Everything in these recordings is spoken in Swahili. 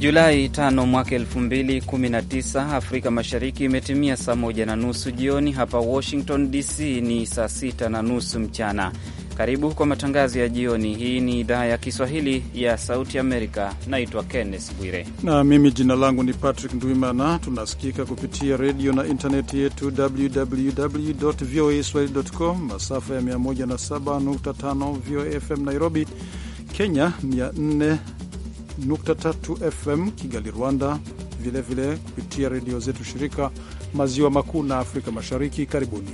Julai 5 mwaka 2019, Afrika Mashariki imetimia saa moja na nusu jioni. Hapa Washington DC ni saa sita na nusu mchana. Karibu kwa matangazo ya jioni. Hii ni idhaa ya Kiswahili ya Sauti Amerika. Naitwa Kenneth Bwire na mimi jina langu ni Patrick Ndwimana. Tunasikika kupitia redio na intaneti yetu www voa swahili.com, masafa ya 107.5 VOA FM Nairobi, Kenya 4 107.3 FM Kigali, Rwanda, vilevile kupitia redio zetu shirika maziwa makuu na Afrika Mashariki. Karibuni.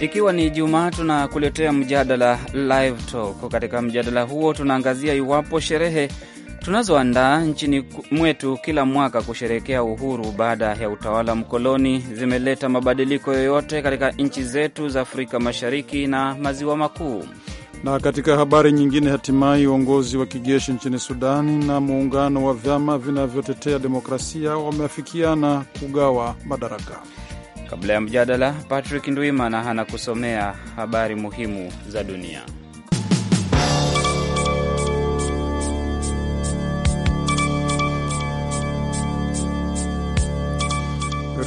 Ikiwa ni Ijumaa, tunakuletea mjadala Live Talk. Katika mjadala huo tunaangazia iwapo sherehe tunazoandaa nchini mwetu kila mwaka kusherekea uhuru baada ya utawala mkoloni zimeleta mabadiliko yoyote katika nchi zetu za Afrika Mashariki na Maziwa Makuu? Na katika habari nyingine, hatimaye uongozi wa kijeshi nchini Sudani na muungano wa vyama vinavyotetea demokrasia wameafikiana kugawa madaraka. Kabla ya mjadala, Patrick Ndwimana anakusomea habari muhimu za dunia.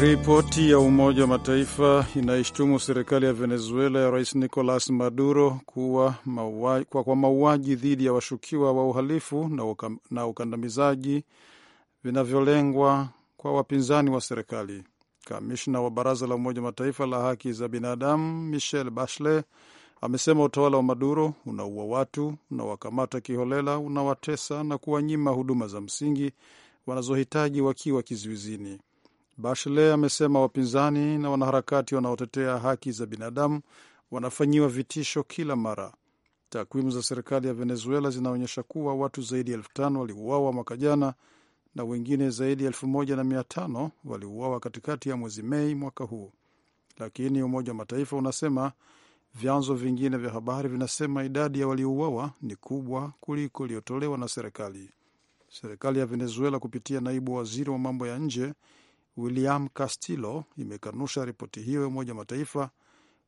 Ripoti ya Umoja wa Mataifa inaishtumu serikali ya Venezuela ya Rais Nicolas Maduro kuwa mauaji, kwa, kwa mauaji dhidi ya washukiwa wa uhalifu na, uka, na ukandamizaji vinavyolengwa kwa wapinzani wa serikali. Kamishna wa Baraza la Umoja wa Mataifa la haki za binadamu Michelle Bachelet amesema utawala wa Maduro unaua watu, unawakamata kiholela, unawatesa na kuwanyima huduma za msingi wanazohitaji wakiwa kizuizini. Bachelet amesema wapinzani na wanaharakati wanaotetea haki za binadamu wanafanyiwa vitisho kila mara. Takwimu za serikali ya Venezuela zinaonyesha kuwa watu zaidi ya elfu tano waliuawa mwaka jana na wengine zaidi ya elfu moja na mia tano waliuawa katikati ya mwezi Mei mwaka huu, lakini Umoja wa Mataifa unasema vyanzo vingine vya habari vinasema idadi ya waliouawa ni kubwa kuliko iliyotolewa na serikali. Serikali ya Venezuela kupitia naibu waziri wa mambo ya nje William Castillo imekanusha ripoti hiyo ya Umoja wa Mataifa.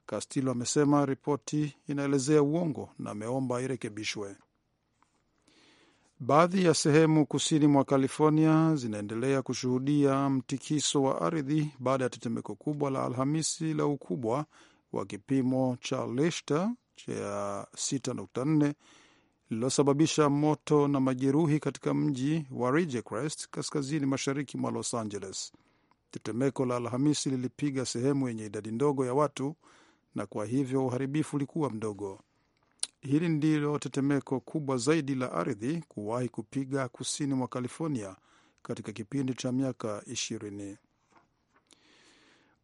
Castillo amesema ripoti inaelezea uongo na ameomba irekebishwe. Baadhi ya sehemu kusini mwa California zinaendelea kushuhudia mtikiso wa ardhi baada ya tetemeko kubwa la Alhamisi la ukubwa wa kipimo cha Richter cha 6.4 lililosababisha moto na majeruhi katika mji wa Ridgecrest kaskazini mashariki mwa Los Angeles. Tetemeko la Alhamisi lilipiga sehemu yenye idadi ndogo ya watu na kwa hivyo uharibifu ulikuwa mdogo. Hili ndilo tetemeko kubwa zaidi la ardhi kuwahi kupiga kusini mwa California katika kipindi cha miaka ishirini.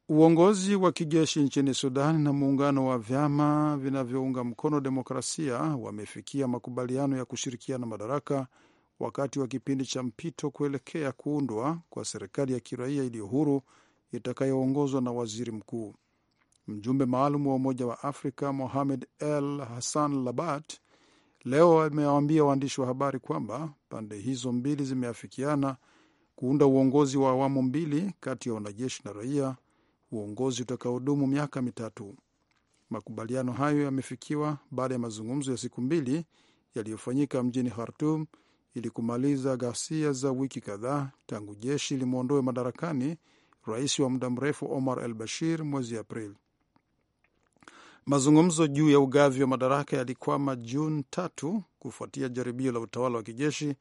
Uongozi wa kijeshi nchini Sudan na muungano wa vyama vinavyounga mkono demokrasia wamefikia makubaliano ya kushirikiana madaraka wakati wa kipindi cha mpito kuelekea kuundwa kwa serikali ya kiraia iliyo huru itakayoongozwa na waziri mkuu. Mjumbe maalum wa Umoja wa Afrika Mohamed El Hassan Labat leo amewaambia waandishi wa habari kwamba pande hizo mbili zimeafikiana kuunda uongozi wa awamu mbili kati ya wanajeshi na raia, uongozi utakaodumu miaka mitatu. Makubaliano hayo yamefikiwa baada ya mazungumzo ya siku mbili yaliyofanyika mjini Khartoum ili kumaliza ghasia za wiki kadhaa tangu jeshi limwondoe madarakani rais wa muda mrefu Omar al Bashir mwezi Aprili. Mazungumzo juu ya ugavi wa madaraka yalikwama Juni tatu kufuatia jaribio la utawala wa kijeshi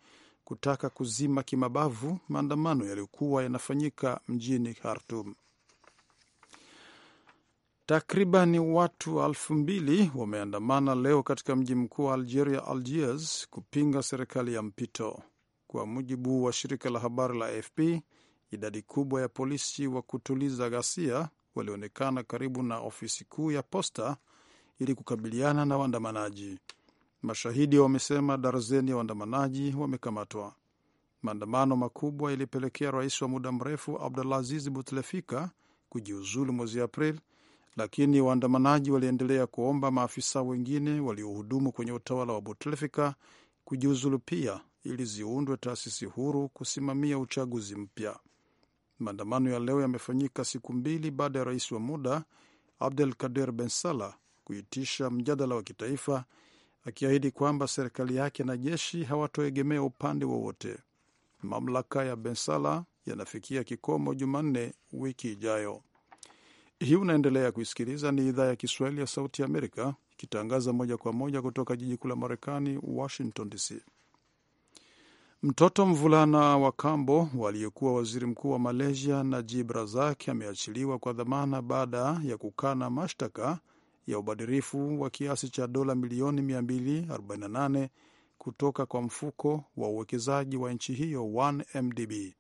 kutaka kuzima kimabavu maandamano yaliyokuwa yanafanyika mjini Khartum. Takriban watu elfu mbili wameandamana leo katika mji mkuu wa Algeria, Algiers, kupinga serikali ya mpito. Kwa mujibu wa shirika la habari la AFP, idadi kubwa ya polisi wa kutuliza ghasia walionekana karibu na ofisi kuu ya posta ili kukabiliana na waandamanaji. Mashahidi wamesema darzeni ya waandamanaji wamekamatwa. Maandamano makubwa yalipelekea rais wa muda mrefu Abdulaziz Butlefika kujiuzulu mwezi Aprili lakini waandamanaji waliendelea kuomba maafisa wengine waliohudumu kwenye utawala wa Bouteflika kujiuzulu pia ili ziundwe taasisi huru kusimamia uchaguzi mpya. Maandamano ya leo yamefanyika siku mbili baada ya rais wa muda Abdel Kader Ben Salah kuitisha mjadala wa kitaifa akiahidi kwamba serikali yake na jeshi hawatoegemea upande wowote. Mamlaka ya bensala yanafikia kikomo Jumanne wiki ijayo. Hii unaendelea kuisikiliza ni idhaa ya Kiswahili ya Sauti ya Amerika ikitangaza moja kwa moja kutoka jiji kuu la Marekani, Washington DC. Mtoto mvulana wa kambo aliyekuwa waziri mkuu wa Malaysia Najib Razak ameachiliwa kwa dhamana baada ya kukana mashtaka ya ubadhirifu wa kiasi cha dola milioni 248 kutoka kwa mfuko wa uwekezaji wa nchi hiyo 1MDB.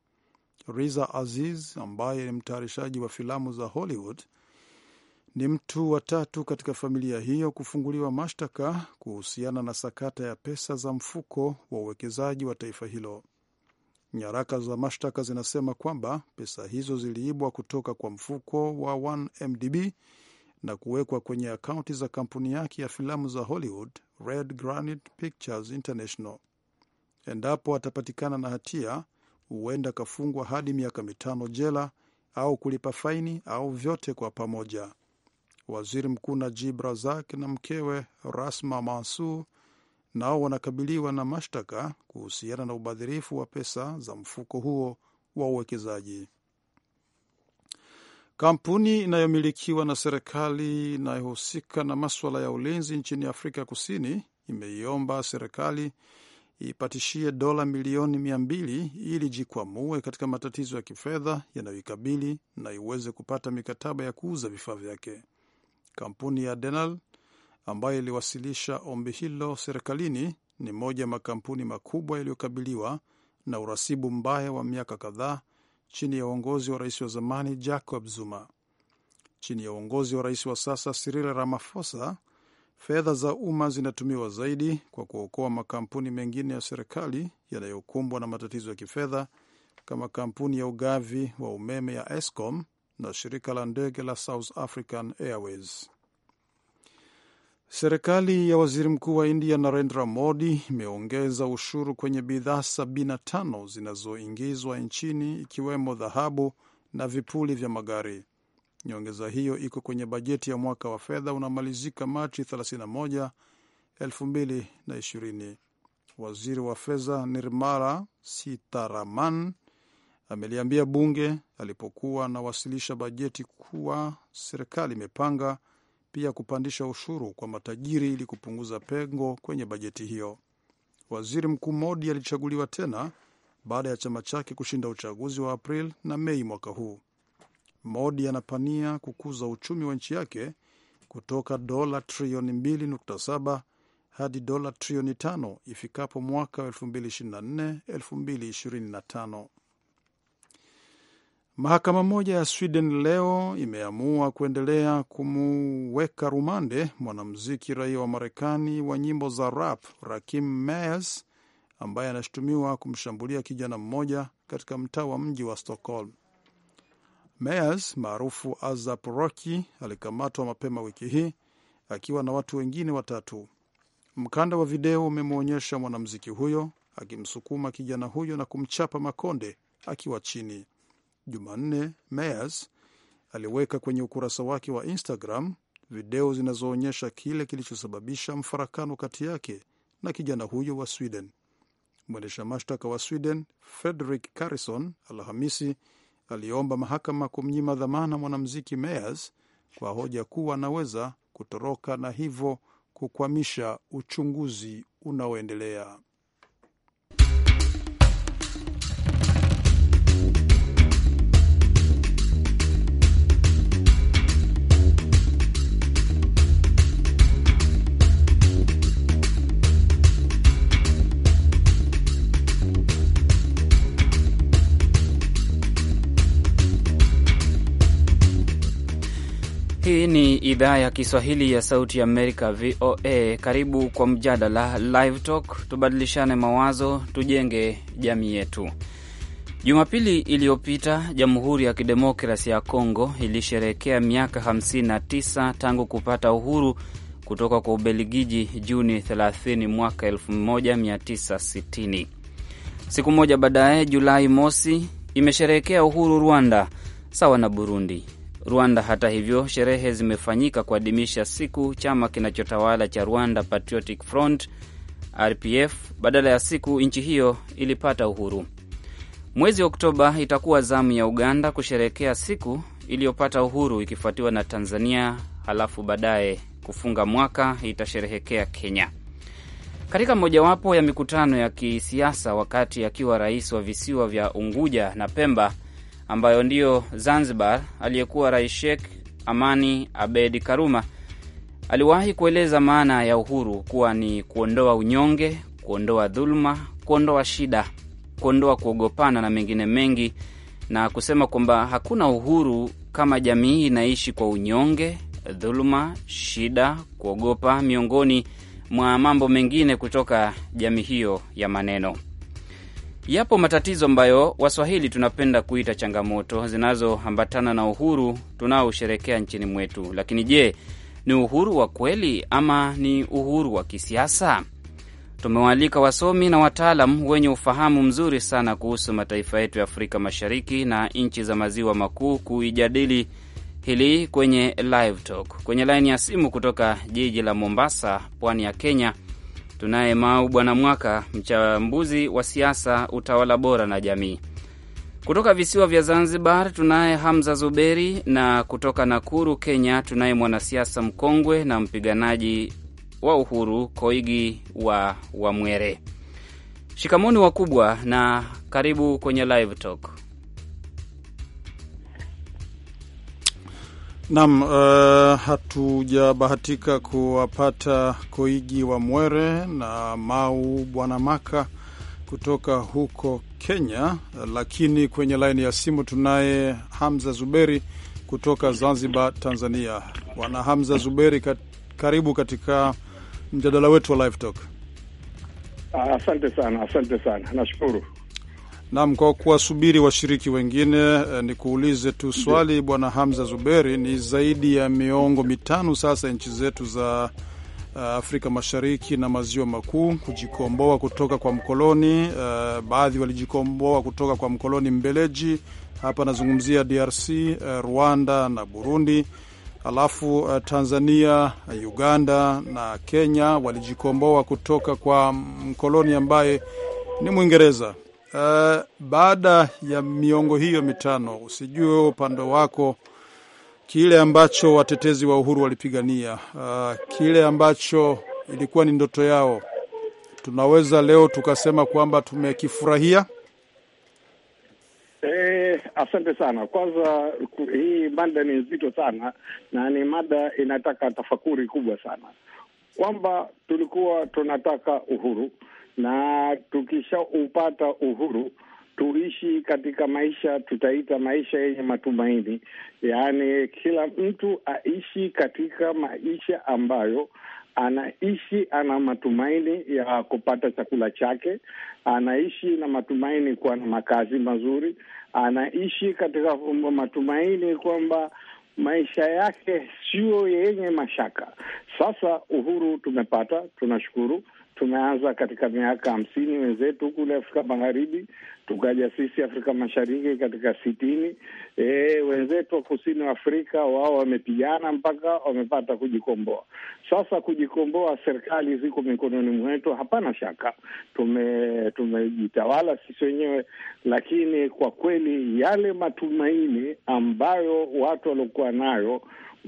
Riza Aziz ambaye ni mtayarishaji wa filamu za Hollywood ni mtu wa tatu katika familia hiyo kufunguliwa mashtaka kuhusiana na sakata ya pesa za mfuko wa uwekezaji wa taifa hilo. Nyaraka za mashtaka zinasema kwamba pesa hizo ziliibwa kutoka kwa mfuko wa 1MDB na kuwekwa kwenye akaunti za kampuni yake ya filamu za Hollywood, Red Granite Pictures International. Endapo atapatikana na hatia, huenda kafungwa hadi miaka mitano jela au kulipa faini au vyote kwa pamoja. Waziri Mkuu Najib Razak na mkewe Rasma Mansur nao wanakabiliwa na mashtaka kuhusiana na ubadhirifu wa pesa za mfuko huo wa uwekezaji. Kampuni inayomilikiwa na serikali inayohusika na maswala ya ulinzi nchini Afrika Kusini imeiomba serikali ipatishie dola milioni mia mbili ili jikwamue katika matatizo ya kifedha yanayoikabili na iweze kupata mikataba ya kuuza vifaa vyake. Kampuni ya Denal ambayo iliwasilisha ombi hilo serikalini ni moja ya makampuni makubwa yaliyokabiliwa na urasibu mbaya wa miaka kadhaa chini ya uongozi wa rais wa zamani Jacob Zuma. Chini ya uongozi wa rais wa sasa Cyril Ramaphosa Fedha za umma zinatumiwa zaidi kwa kuokoa makampuni mengine ya serikali yanayokumbwa na matatizo ya kifedha kama kampuni ya ugavi wa umeme ya Eskom na shirika la ndege la South African Airways. Serikali ya waziri mkuu wa India Narendra Modi imeongeza ushuru kwenye bidhaa 75 zinazoingizwa nchini ikiwemo dhahabu na vipuli vya magari. Nyongeza hiyo iko kwenye bajeti ya mwaka wa fedha unamalizika Machi 31, 2020. Waziri wa fedha Nirmala Sitaraman ameliambia bunge alipokuwa anawasilisha bajeti kuwa serikali imepanga pia kupandisha ushuru kwa matajiri ili kupunguza pengo kwenye bajeti hiyo. Waziri Mkuu Modi alichaguliwa tena baada ya chama chake kushinda uchaguzi wa April na Mei mwaka huu. Modi anapania kukuza uchumi wa nchi yake kutoka dola trilioni 2.7 hadi dola trilioni 5 ifikapo mwaka 224225 2024 2025. Mahakama moja ya Sweden leo imeamua kuendelea kumuweka rumande mwanamuziki raia wa Marekani wa nyimbo za rap Rakim Mayers ambaye anashutumiwa kumshambulia kijana mmoja katika mtaa wa mji wa Stockholm. Meyers maarufu Azzaproki alikamatwa mapema wiki hii akiwa na watu wengine watatu. Mkanda wa video umemwonyesha mwanamuziki huyo akimsukuma kijana huyo na kumchapa makonde akiwa chini. Jumanne, Meyers aliweka kwenye ukurasa wake wa Instagram video zinazoonyesha kile kilichosababisha mfarakano kati yake na kijana huyo wa Sweden. Mwendesha mashtaka wa Sweden Fredrik carrison Alhamisi aliomba mahakama kumnyima dhamana mwanamuziki Meyers kwa hoja kuwa anaweza kutoroka na hivyo kukwamisha uchunguzi unaoendelea. idhaa ya Kiswahili ya Sauti Amerika, VOA. Karibu kwa mjadala Live Talk, tubadilishane mawazo, tujenge jamii yetu. Jumapili iliyopita Jamhuri ya Kidemokrasi ya congo ilisherehekea miaka 59 tangu kupata uhuru kutoka kwa Ubelgiji Juni 30 mwaka 1960. Siku moja baadaye, Julai mosi, imesherehekea uhuru Rwanda sawa na Burundi. Rwanda. Hata hivyo, sherehe zimefanyika kuadhimisha siku chama kinachotawala cha Rwanda Patriotic Front RPF badala ya siku nchi hiyo ilipata uhuru. Mwezi Oktoba itakuwa zamu ya Uganda kusherehekea siku iliyopata uhuru ikifuatiwa na Tanzania, halafu baadaye kufunga mwaka itasherehekea Kenya. Katika mojawapo ya mikutano ya kisiasa wakati akiwa rais wa visiwa vya Unguja na Pemba, ambayo ndiyo Zanzibar, aliyekuwa rais Sheikh Amani Abedi Karuma aliwahi kueleza maana ya uhuru kuwa ni kuondoa unyonge, kuondoa dhuluma, kuondoa shida, kuondoa kuogopana na mengine mengi, na kusema kwamba hakuna uhuru kama jamii inaishi kwa unyonge, dhuluma, shida, kuogopa, miongoni mwa mambo mengine kutoka jamii hiyo ya maneno. Yapo matatizo ambayo Waswahili tunapenda kuita changamoto zinazoambatana na uhuru tunaosherekea nchini mwetu, lakini je, ni uhuru wa kweli ama ni uhuru wa kisiasa? Tumewaalika wasomi na wataalam wenye ufahamu mzuri sana kuhusu mataifa yetu ya Afrika Mashariki na nchi za maziwa makuu kuijadili hili kwenye Live Talk. Kwenye laini ya simu kutoka jiji la Mombasa, pwani ya Kenya, Tunaye Mau Bwana Mwaka, mchambuzi wa siasa, utawala bora na jamii. Kutoka visiwa vya Zanzibar tunaye Hamza Zuberi, na kutoka Nakuru, Kenya tunaye mwanasiasa mkongwe na mpiganaji wa uhuru Koigi wa Wamwere. Shikamoni wakubwa, na karibu kwenye Live Talk. Naam, uh, hatujabahatika kuwapata Koigi wa Mwere na Mau Bwana Maka kutoka huko Kenya, lakini kwenye laini ya simu tunaye Hamza Zuberi kutoka Zanzibar, Tanzania. Bwana Hamza Zuberi, kat, karibu katika mjadala wetu wa Live Talk. Ah, asante sana, asante sana, nashukuru. Naam, kwa kuwasubiri washiriki wengine eh, ni kuulize tu swali Bwana Hamza Zuberi. Ni zaidi ya miongo mitano sasa nchi zetu za uh, Afrika Mashariki na Maziwa Makuu kujikomboa kutoka kwa mkoloni. Uh, baadhi walijikomboa kutoka kwa mkoloni Mbeleji, hapa nazungumzia DRC, uh, eh, Rwanda na Burundi, alafu uh, Tanzania, Uganda na Kenya walijikomboa kutoka kwa mkoloni ambaye ni Mwingereza. Uh, baada ya miongo hiyo mitano usijue upande wako kile ambacho watetezi wa uhuru walipigania, uh, kile ambacho ilikuwa ni ndoto yao, tunaweza leo tukasema kwamba tumekifurahia. Eh, asante sana. Kwanza hii mada ni nzito sana na ni mada inataka tafakuri kubwa sana, kwamba tulikuwa tunataka uhuru na tukishaupata uhuru tuishi katika maisha tutaita maisha yenye matumaini, yaani kila mtu aishi katika maisha ambayo anaishi ana matumaini ya kupata chakula chake, anaishi na matumaini kuwa na makazi mazuri, anaishi katika matumaini kwamba maisha yake sio yenye mashaka. Sasa uhuru tumepata, tunashukuru tumeanza katika miaka hamsini, wenzetu kule Afrika Magharibi, tukaja sisi Afrika Mashariki katika sitini. E, wenzetu wa kusini wa Afrika wao wamepigana mpaka wamepata kujikomboa. Sasa kujikomboa, serikali ziko mikononi mwetu, hapana shaka, tume tumejitawala sisi wenyewe, lakini kwa kweli yale matumaini ambayo watu waliokuwa nayo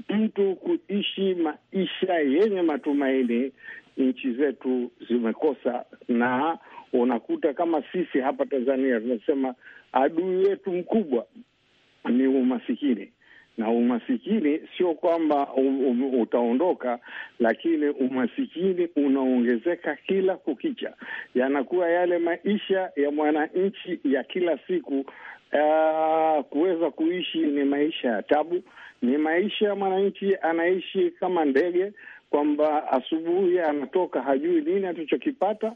mtu kuishi maisha yenye matumaini nchi zetu zimekosa, na unakuta kama sisi hapa Tanzania tunasema adui yetu mkubwa ni umasikini na umasikini sio kwamba um, um, utaondoka, lakini umasikini unaongezeka kila kukicha. Yanakuwa yale maisha ya mwananchi ya kila siku, uh, kuweza kuishi ni maisha ya tabu, ni maisha ya mwananchi anaishi kama ndege kwamba asubuhi anatoka hajui nini atachokipata,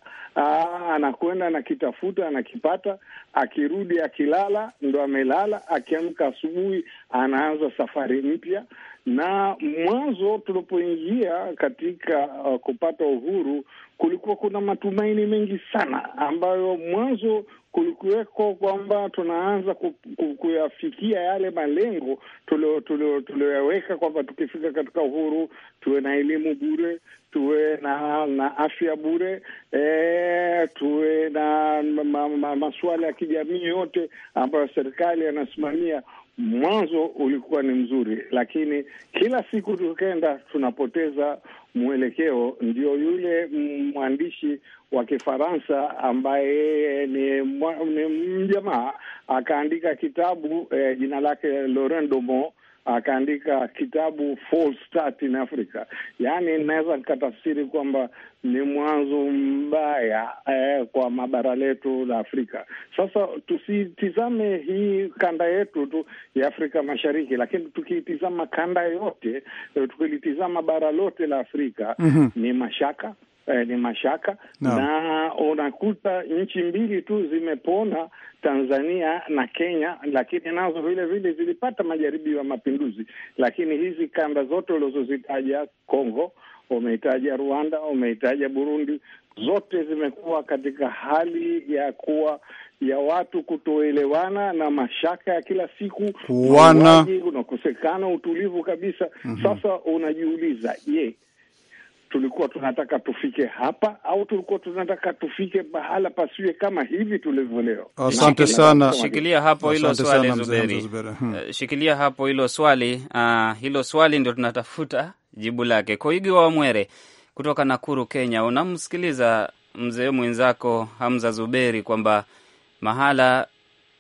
anakwenda anakitafuta, anakipata, akirudi akilala ndo amelala, akiamka asubuhi anaanza safari mpya, na mwanzo tulipoingia katika uh, kupata uhuru kulikuwa kuna matumaini mengi sana ambayo mwanzo kulikuweko kwamba tunaanza ku, ku, kuyafikia yale malengo tulioyaweka kwamba tukifika katika uhuru tuwe na elimu bure, tuwe na na afya bure e, tuwe na ma, ma, ma, masuala ya kijamii yote ambayo serikali yanasimamia mwanzo ulikuwa ni mzuri, lakini kila siku tukenda tunapoteza mwelekeo. Ndio yule mwandishi wa Kifaransa ambaye yeye ni, ni mjamaa akaandika kitabu eh, jina lake Laurent Domon akaandika kitabu False Start in Africa, yaani inaweza nikatafsiri kwamba ni mwanzo mbaya eh, kwa mabara letu la Afrika. Sasa tusitizame hii kanda yetu tu ya Afrika Mashariki, lakini tukiitizama kanda yote, eh, tukilitizama bara lote la Afrika mm -hmm. ni mashaka eh, ni mashaka no. Na unakuta nchi mbili tu zimepona, Tanzania na Kenya, lakini nazo vile vile zilipata majaribio ya mapinduzi. Lakini hizi kanda zote ulizozitaja, Kongo umeitaja, Rwanda umeitaja, Burundi, zote zimekuwa katika hali ya kuwa ya watu kutoelewana na mashaka ya kila siku, unakosekana utulivu kabisa. mm -hmm. Sasa unajiuliza je, tulikuwa tunataka tufike hapa au tulikuwa tunataka tufike mahala pasiwe kama hivi tulivyo leo? Asante sana. Shikilia hapo hilo swali Zuberi, shikilia hapo hilo swali. Uh, hilo swali ndio tunatafuta jibu lake. Koigi wa Mwere kutoka Nakuru, Kenya, unamsikiliza mzee mwenzako Hamza Zuberi kwamba mahala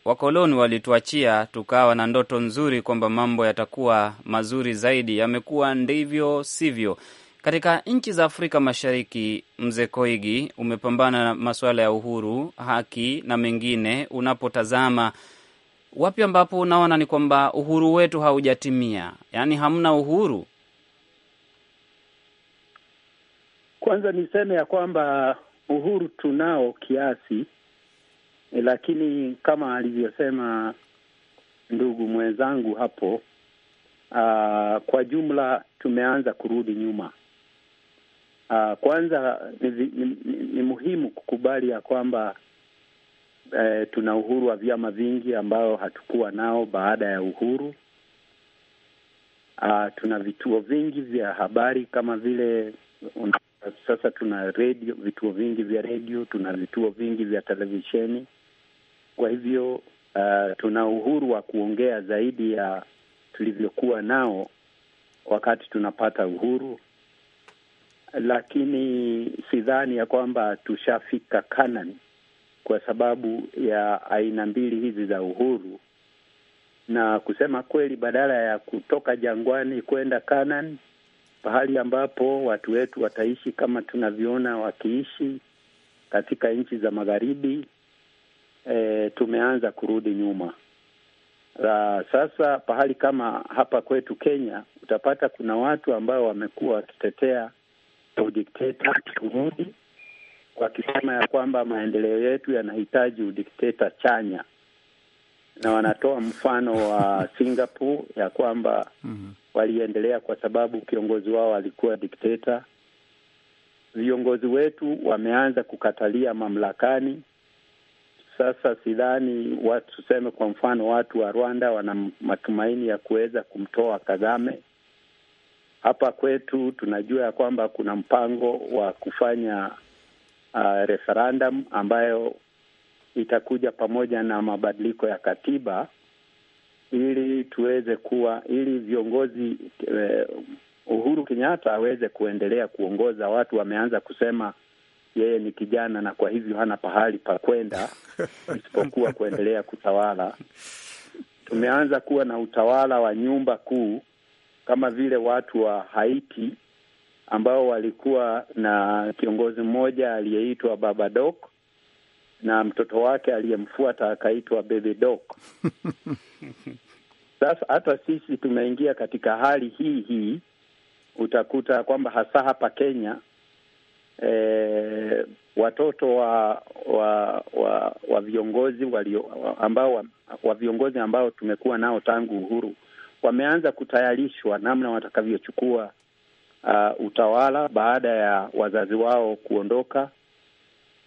wakoloni walituachia tukawa na ndoto nzuri kwamba mambo yatakuwa mazuri zaidi, yamekuwa ndivyo sivyo. Katika nchi za Afrika Mashariki, mzee Koigi, umepambana na masuala ya uhuru, haki na mengine. Unapotazama wapi ambapo unaona ni kwamba uhuru wetu haujatimia, yaani hamna uhuru? Kwanza niseme ya kwamba uhuru tunao kiasi, e, lakini kama alivyosema ndugu mwenzangu hapo, uh, kwa jumla tumeanza kurudi nyuma Uh, kwanza ni, ni, ni muhimu kukubali ya kwamba eh, tuna uhuru wa vyama vingi ambao hatukuwa nao baada ya uhuru. Uh, tuna vituo vingi vya habari kama vile un, sasa tuna redio, vituo vingi vya redio, tuna vituo vingi vya televisheni. Kwa hivyo uh, tuna uhuru wa kuongea zaidi ya tulivyokuwa nao wakati tunapata uhuru lakini sidhani ya kwamba tushafika kanan kwa sababu ya aina mbili hizi za uhuru. Na kusema kweli, badala ya kutoka jangwani kwenda kanan pahali ambapo watu wetu wataishi kama tunavyoona wakiishi katika nchi za magharibi, e, tumeanza kurudi nyuma. La, sasa pahali kama hapa kwetu Kenya utapata kuna watu ambao wamekuwa wakitetea udikteta kurudi, wakisema ya kwamba maendeleo yetu yanahitaji udikteta chanya, na wanatoa mfano wa Singapore ya kwamba mhm. waliendelea kwa sababu kiongozi wao alikuwa dikteta. Viongozi wetu wameanza kukatalia mamlakani. Sasa sidhani watu, tuseme kwa mfano watu wa Rwanda wana matumaini ya kuweza kumtoa Kagame, hapa kwetu tunajua ya kwamba kuna mpango wa kufanya uh, referendum ambayo itakuja pamoja na mabadiliko ya katiba ili tuweze kuwa ili viongozi uh, Uhuru Kenyatta aweze kuendelea kuongoza. Watu wameanza kusema yeye ni kijana na kwa hivyo hana pahali pa kwenda isipokuwa kuendelea kutawala. Tumeanza kuwa na utawala wa nyumba kuu kama vile watu wa Haiti ambao walikuwa na kiongozi mmoja aliyeitwa Baba Doc na mtoto wake aliyemfuata akaitwa Bebe Doc. Sasa hata sisi tumeingia katika hali hii hii, utakuta kwamba hasa hapa Kenya e, watoto wa wa wa, wa viongozi walio ambao wa, wa viongozi ambao tumekuwa nao tangu uhuru wameanza kutayarishwa namna watakavyochukua uh, utawala baada ya wazazi wao kuondoka.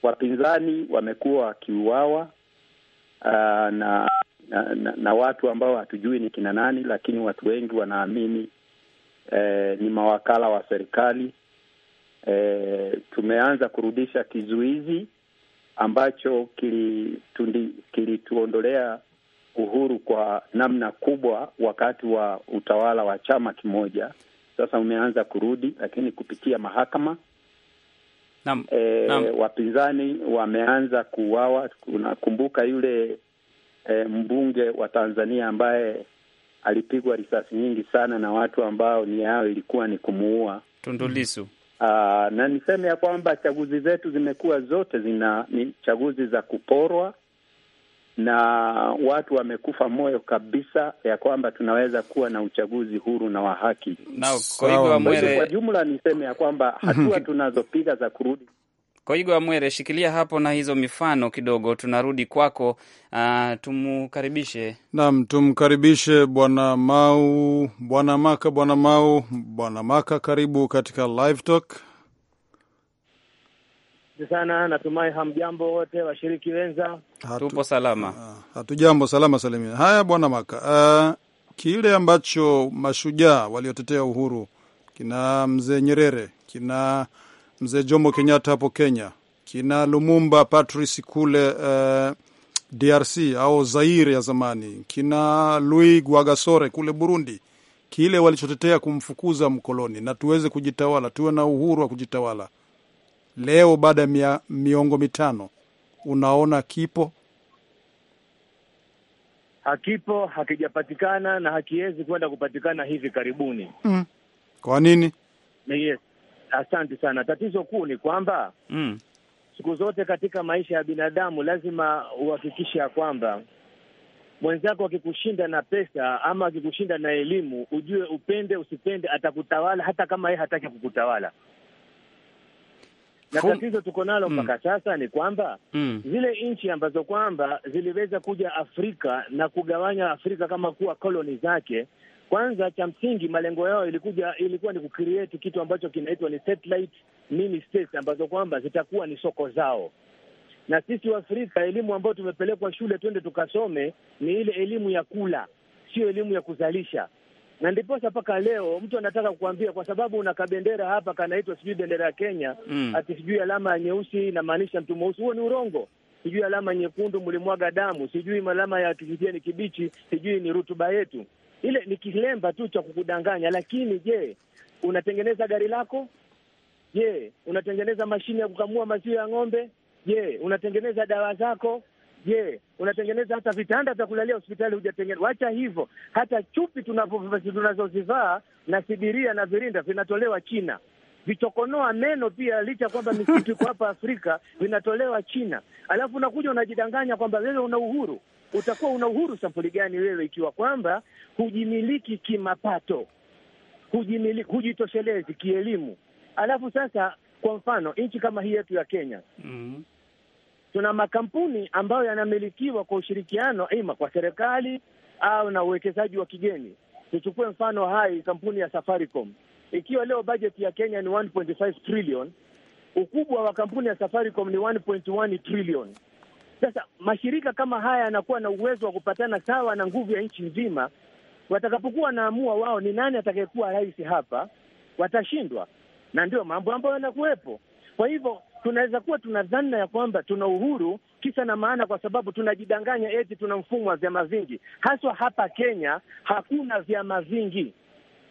Wapinzani wamekuwa wakiuawa uh, na, na, na, na watu ambao hatujui ni kina nani, lakini watu wengi wanaamini eh, ni mawakala wa serikali. Eh, tumeanza kurudisha kizuizi ambacho kilituondolea uhuru kwa namna kubwa wakati wa utawala wa chama kimoja, sasa umeanza kurudi, lakini kupitia mahakama nam, e, nam. Wapinzani wameanza kuuawa. Unakumbuka yule e, mbunge wa Tanzania ambaye alipigwa risasi nyingi sana na watu ambao nia yao ilikuwa ni kumuua Tundu Lissu. Aa, na niseme ya kwamba chaguzi zetu zimekuwa zote zina ni chaguzi za kuporwa na watu wamekufa moyo kabisa ya kwamba tunaweza kuwa na uchaguzi huru na wa haki. Kwa hivyo Mwere, kwa jumla niseme ya kwamba mhm. hatua tunazopiga za kurudi Koigo Amwere, shikilia hapo na hizo mifano kidogo, tunarudi kwako. Uh, ah, tumkaribishe nam, tumkaribishe bwana Mau, bwana Maka, bwana Mau, bwana Maka, karibu katika Live Talk sana. Natumai hamjambo wote washiriki wenza, tupo salama, ah, hatujambo. Salama salimia. Haya bwana Maka, uh, kile ambacho mashujaa waliotetea uhuru kina mzee Nyerere, kina mzee Jomo Kenyatta hapo Kenya, kina Lumumba Patrice kule uh, eh, DRC au Zaire ya zamani, kina Louis Guagasore kule Burundi, kile walichotetea kumfukuza mkoloni na tuweze kujitawala, tuwe na uhuru wa kujitawala leo baada ya miongo mitano, unaona kipo? Hakipo, hakijapatikana na hakiwezi kwenda kupatikana hivi karibuni. Mm. Kwa nini? Yes. Asante sana. Tatizo kuu ni kwamba mm. siku zote katika maisha ya binadamu lazima uhakikishe ya kwamba mwenzako akikushinda na pesa ama akikushinda na elimu, ujue, upende usipende, atakutawala hata kama yeye hataki kukutawala na Fum... tatizo tuko nalo mm. mpaka mm. sasa ni kwamba mm. zile nchi ambazo kwamba ziliweza kuja Afrika na kugawanya Afrika kama kuwa koloni zake kwanza cha msingi malengo yao ilikuja ilikuwa ni kucreate kitu ambacho kinaitwa ni satellite mini states ambazo kwamba zitakuwa ni soko zao. Na sisi Waafrika, elimu ambayo tumepelekwa shule twende tukasome ni ile elimu ya kula, sio elimu ya kuzalisha na ndiposa mpaka leo mtu anataka kukuambia kwa sababu una kabendera hapa kanaitwa sijui bendera ya Kenya mm. ati sijui alama ya nyeusi inamaanisha mtu mweusi. Huo ni urongo. Sijui alama nyekundu mlimwaga damu, sijui alama ya kijani kibichi, sijui ni rutuba yetu. Ile ni kilemba tu cha kukudanganya. Lakini je, unatengeneza gari lako? Je, unatengeneza mashine ya kukamua maziwa ya ng'ombe? Je, unatengeneza dawa zako? Je, unatengeneza hata vitanda vya kulalia hospitali hujatengeneza? Wacha hivyo, hata chupi tunazozivaa na sibiria na virinda vinatolewa China. Vichokonoa meno pia, licha kwamba misitu iko hapa Afrika, vinatolewa China. Alafu unakuja unajidanganya kwamba wewe una uhuru. Utakuwa una uhuru sampuli gani wewe, ikiwa kwamba hujimiliki kimapato, hujimiliki, hujitoshelezi kielimu? Alafu sasa, kwa mfano nchi kama hii yetu ya Kenya mm -hmm tuna makampuni ambayo yanamilikiwa kwa ushirikiano ima kwa serikali au na uwekezaji wa kigeni. Tuchukue mfano hai, kampuni ya Safaricom. Ikiwa leo bajeti ya Kenya ni 1.5 trillion, ukubwa wa kampuni ya Safaricom ni 1.1 trillion. Sasa mashirika kama haya yanakuwa na uwezo wa kupatana sawa na nguvu ya nchi nzima. Watakapokuwa wanaamua wao ni nani atakayekuwa rais hapa, watashindwa, na ndio mambo ambayo yanakuwepo. Kwa hivyo tunaweza kuwa tuna dhana ya kwamba tuna uhuru kisa na maana, kwa sababu tunajidanganya eti tuna mfumo wa vyama vingi. Haswa hapa Kenya hakuna vyama vingi,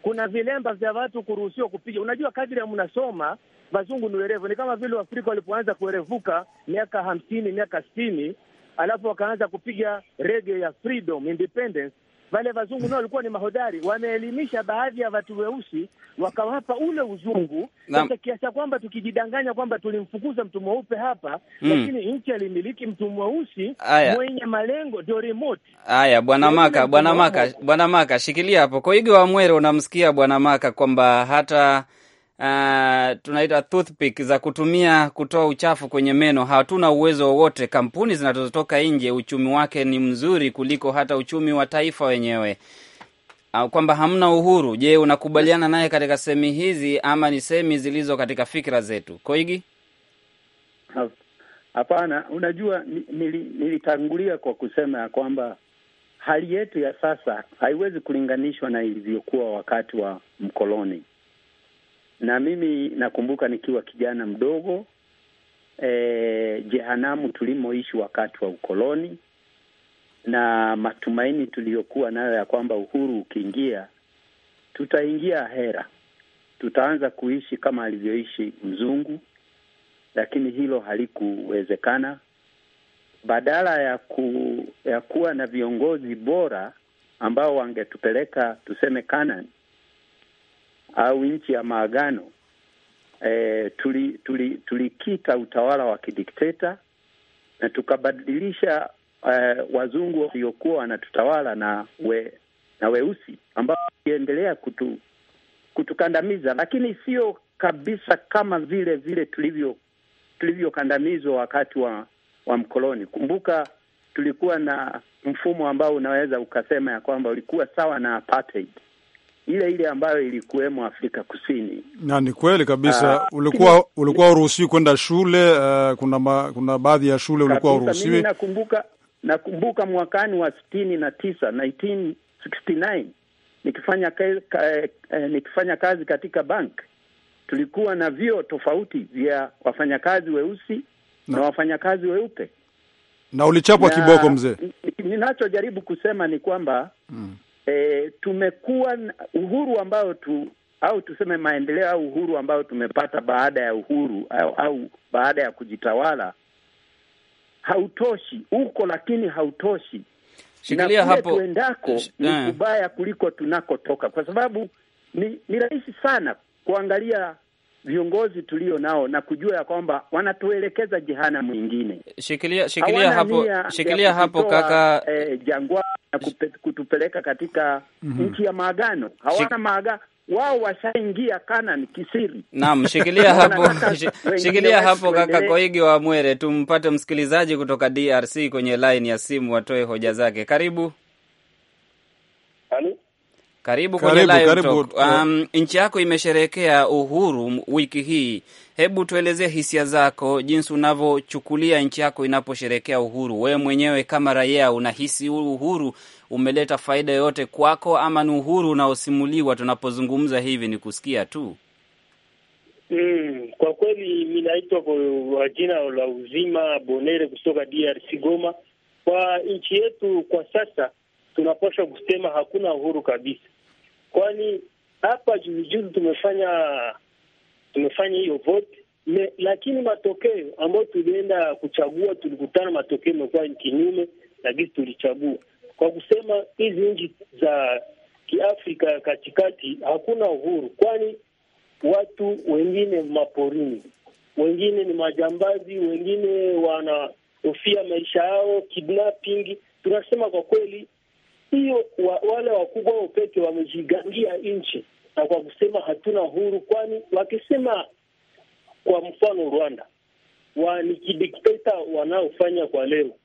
kuna vilemba vya watu kuruhusiwa kupiga. Unajua, kadri ya mnasoma wazungu ni werevu, ni kama vile Waafrika walipoanza kuerevuka miaka hamsini miaka sitini alafu wakaanza kupiga rege ya freedom independence. Wale wazungu nao walikuwa ni mahodari, wameelimisha baadhi ya watu weusi, wakawapa ule uzungu sasa, kiasi kwamba tukijidanganya kwamba tulimfukuza mtu mweupe hapa mm, lakini nchi alimiliki mtu mweusi mwenye malengo, ndio remote. Haya, bwana Maka, bwana Maka, bwana Maka, shikilia hapo. Koigi wa mwere unamsikia bwana Maka kwamba hata uh, tunaita toothpick za kutumia kutoa uchafu kwenye meno, hatuna uwezo wowote. Kampuni zinazotoka nje uchumi wake ni mzuri kuliko hata uchumi wa taifa wenyewe, uh, kwamba hamna uhuru. Je, unakubaliana naye katika sehemu hizi ama ni sehemu zilizo katika fikra zetu, Koigi? Hapana, unajua nilitangulia kwa kusema ya kwamba hali yetu ya sasa haiwezi kulinganishwa na ilivyokuwa wakati wa mkoloni na mimi nakumbuka nikiwa kijana mdogo e, jehanamu tulimoishi wakati wa ukoloni na matumaini tuliyokuwa nayo ya kwamba uhuru ukiingia tutaingia hera, tutaanza kuishi kama alivyoishi mzungu, lakini hilo halikuwezekana. Badala ya ku, ya kuwa na viongozi bora ambao wangetupeleka tuseme Kanani, au nchi ya maagano e, eh, tulikita tuli, tuli utawala wa kidikteta na tukabadilisha e, wazungu waliokuwa wanatutawala na we, na weusi ambao waliendelea kutu, kutukandamiza, lakini sio kabisa kama vile vile tulivyo tulivyokandamizwa wakati wa wa mkoloni. Kumbuka tulikuwa na mfumo ambao unaweza ukasema ya kwamba ulikuwa sawa na apartheid ile ile ambayo ilikuwemo Afrika Kusini. Na ni kweli kabisa. Uh, ulikuwa ulikuwa uruhusiwi kwenda shule uh, kuna ma, kuna baadhi ya shule ulikuwa uruhusiwi. nakumbuka nakumbuka mwakani wa sitini na tisa 1969 nikifanya kazi, ka, eh, nikifanya kazi katika bank tulikuwa na vio tofauti vya wafanyakazi weusi na, na wafanyakazi weupe na ulichapwa kiboko mzee. Ninachojaribu kusema ni kwamba mm e, tumekuwa uhuru ambao tu au tuseme maendeleo au uhuru ambao tumepata baada ya uhuru au, au baada ya kujitawala hautoshi, uko lakini hautoshi. Shikilia hapo, tuendako ni eh. kubaya kuliko tunakotoka, kwa sababu ni, ni rahisi sana kuangalia viongozi tulio nao na kujua ya kwamba wanatuelekeza jehanamu mwingine. Shikilia shikilia hapo, shikilia hapo kaka, e, jangwa na kupe, kutupeleka katika mm -hmm. nchi ya maagano. Hawana Shik... maaga wao washaingia Kanani kisiri. Naam, shikilia hapo shikilia hapo kaka Koigi wa Mwere, tumpate msikilizaji kutoka DRC kwenye line ya simu, watoe hoja zake. Karibu. Halo. Karibu kwenye live karibu. Um, nchi yako imesherehekea uhuru wiki hii. Hebu tuelezee hisia zako, jinsi unavyochukulia nchi yako inaposherehekea uhuru. Wewe mwenyewe kama raia, unahisi uhuru umeleta faida yoyote kwako, ama ni uhuru unaosimuliwa? Tunapozungumza hivi ni kusikia tu. Mm, kwa kweli mi naitwa kwa jina la uzima Bonere kutoka DRC Goma. Kwa nchi yetu kwa sasa tunapaswa kusema hakuna uhuru kabisa, kwani hapa juzijuzi tumefanya tumefanya hiyo vote me, lakini matokeo ambayo tulienda kuchagua tulikutana matokeo imekuwa kinyume na gisi tulichagua. Kwa kusema hizi nchi za Kiafrika katikati hakuna uhuru, kwani watu wengine maporini, wengine ni majambazi, wengine wanahofia maisha yao, kidnapping. Tunasema kwa kweli hiyo wale wakubwa wao peke wamejigangia nchi na kwa kusema hatuna huru, kwani wakisema kwa mfano Rwanda wa ni kidikteta wanaofanya kwa leo,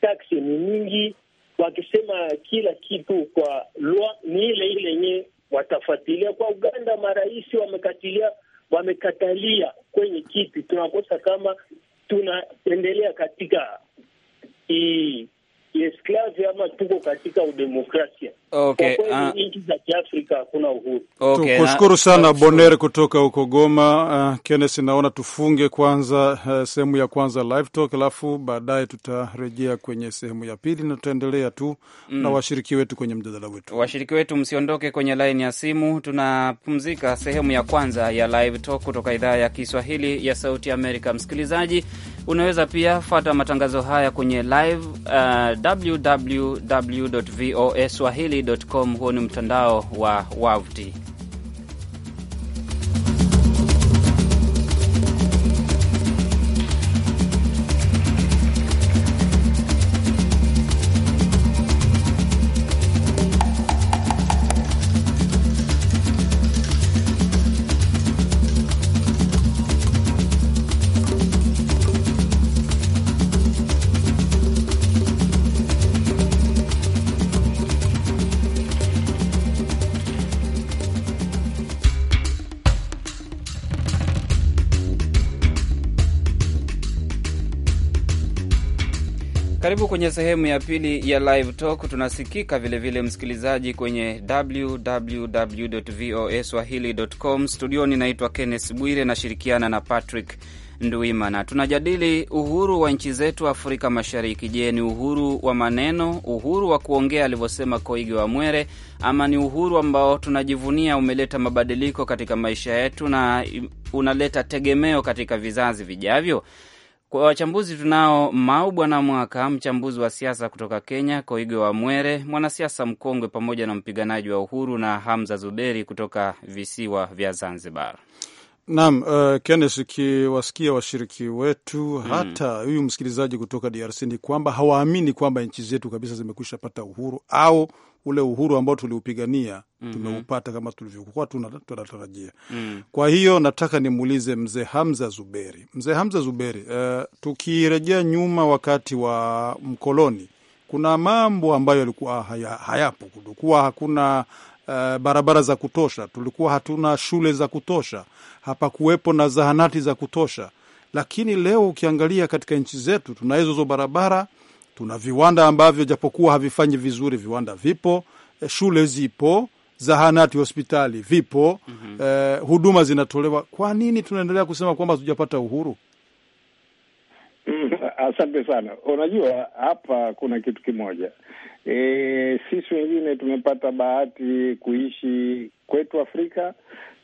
taksi ni nyingi. Wakisema kila kitu kwa lwa ni ile ile yenye watafuatilia. Kwa Uganda marais wamekatilia, wamekatalia kwenye kiti, tunakosa kama tunaendelea katika i kiasi ama tuko katika udemokrasia Okay, uh, Okay, tukushukuru sana uh, Bonere kutoka huko Goma. Uh, Kenneth, naona tufunge kwanza uh, sehemu ya kwanza live talk, alafu baadaye tutarejea kwenye sehemu ya pili na tutaendelea tu mm, na washiriki wetu kwenye mjadala wetu. Washiriki wetu msiondoke kwenye laini ya simu, tunapumzika sehemu ya kwanza ya live talk kutoka idhaa ya Kiswahili ya Sauti ya Amerika. Msikilizaji, unaweza pia fata matangazo haya kwenye live uh, eh, www.voaswahili swahili.com. Huo ni mtandao wa WAVD. Karibu kwenye sehemu ya pili ya Live Talk. Tunasikika vilevile msikilizaji kwenye www voa swahili.com. Studioni naitwa Kenneth Bwire, nashirikiana na Patrick Nduimana. Tunajadili uhuru wa nchi zetu Afrika Mashariki. Je, ni uhuru wa maneno, uhuru wa kuongea alivyosema Koigi wa Mwere, ama ni uhuru ambao tunajivunia umeleta mabadiliko katika maisha yetu na unaleta tegemeo katika vizazi vijavyo? Kwa wachambuzi tunao Mau Bwana Mwaka, mchambuzi wa siasa kutoka Kenya, Koigo wa Mwere, mwanasiasa mkongwe, pamoja na mpiganaji wa uhuru, na Hamza Zuberi kutoka visiwa vya Zanzibar. Naam, uh, eh, Kennes, ukiwasikia washiriki wetu mm, hata huyu msikilizaji kutoka DRC, ni kwamba hawaamini kwamba nchi zetu kabisa zimekwisha pata uhuru au ule uhuru ambao tuliupigania mm -hmm. tumeupata kama tulivyokuwa tunatarajia mm. Kwa hiyo nataka nimuulize mzee Hamza Zuberi, mzee Hamza Zuberi, uh, tukirejea nyuma wakati wa mkoloni, kuna mambo ambayo yalikuwa haya, hayapo. Kulikuwa hakuna Uh, barabara za kutosha, tulikuwa hatuna shule za kutosha, hapakuwepo na zahanati za kutosha. Lakini leo ukiangalia katika nchi zetu, tunahizo hizo barabara, Tuna viwanda ambavyo japokuwa havifanyi vizuri, viwanda vipo, eh, shule zipo, zahanati, hospitali vipo, mm -hmm. eh, huduma zinatolewa. Kwa nini tunaendelea kusema kwamba hatujapata uhuru? Mm, asante sana. Unajua, hapa kuna kitu kimoja e, sisi wengine tumepata bahati kuishi kwetu Afrika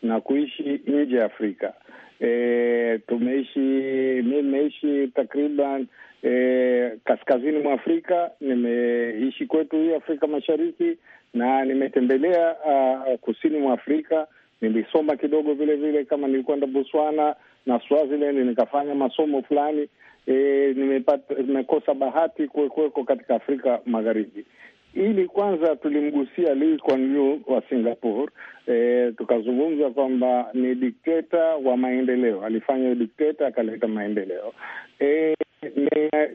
na kuishi nje ya Afrika. E, tumeishi, mi nimeishi takriban e, kaskazini mwa Afrika. Nimeishi kwetu hii Afrika Mashariki na nimetembelea uh, kusini mwa Afrika. Nilisoma kidogo vile vile, kama nilikwenda Botswana na Swaziland nikafanya masomo fulani. E, nimepata nimekosa bahati kuwekuweko katika Afrika Magharibi. Ili kwanza tulimgusia Lee Kuan Yew wa Singapore. E, tukazungumza kwamba ni dikteta wa maendeleo, alifanya dikteta akaleta maendeleo. E,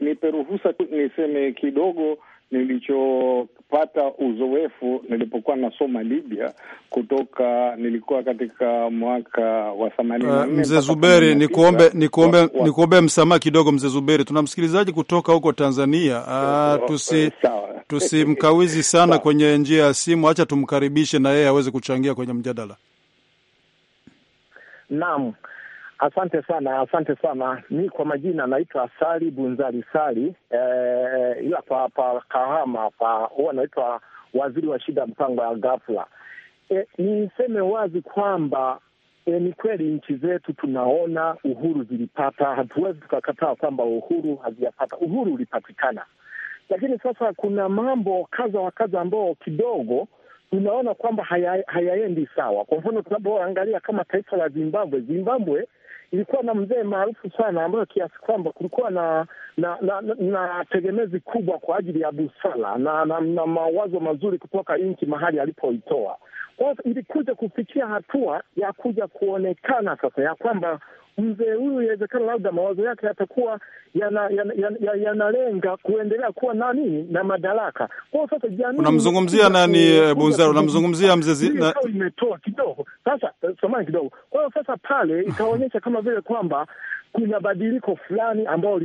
niperuhusa tu niseme kidogo nilichopata uzoefu nilipokuwa nasoma Libya kutoka, nilikuwa katika mwaka wa themanini na eh, nne. Mzee Zuberi, nikuombe nikuombe nikuombe msamaha kidogo. Mzee Zuberi, tuna msikilizaji kutoka huko Tanzania. Ah, tusi tusimkawizi sana kwenye njia ya simu, acha tumkaribishe na yeye aweze kuchangia kwenye mjadala. Naam. Asante sana, asante sana. Mi kwa majina naitwa Sali Bunzali Sali, e, ila pa, pa Kahama pa huwa naitwa waziri wa shida mpango ya ghafla. E, niseme wazi kwamba e, ni kweli nchi zetu tunaona uhuru zilipata, hatuwezi tukakataa kwamba uhuru hazijapata, uhuru ulipatikana, lakini sasa kuna mambo kadha wa kadha ambao kidogo tunaona kwamba hayaendi haya sawa. Kwa mfano tunapoangalia kama taifa la Zimbabwe, Zimbabwe ilikuwa na mzee maarufu sana, ambayo kiasi kwamba kulikuwa na na, na, na, na tegemezi kubwa kwa ajili ya busara na, na, na mawazo mazuri kutoka nchi mahali alipoitoa. Kwanza ilikuja kufikia hatua ya kuja kuonekana sasa ya kwamba mzee huyu inawezekana labda mawazo yake yatakuwa yanalenga yana, yana, yana kuendelea kuwa na nini na madaraka kwao. Sasa jamii, unamzungumzia nani? Eh, Bunzaro, unamzungumzia mzee na... imetoa kidogo sasa, eh, samani kidogo. Kwa hiyo sasa pale ikaonyesha kama vile kwamba kuna badiliko fulani ambayo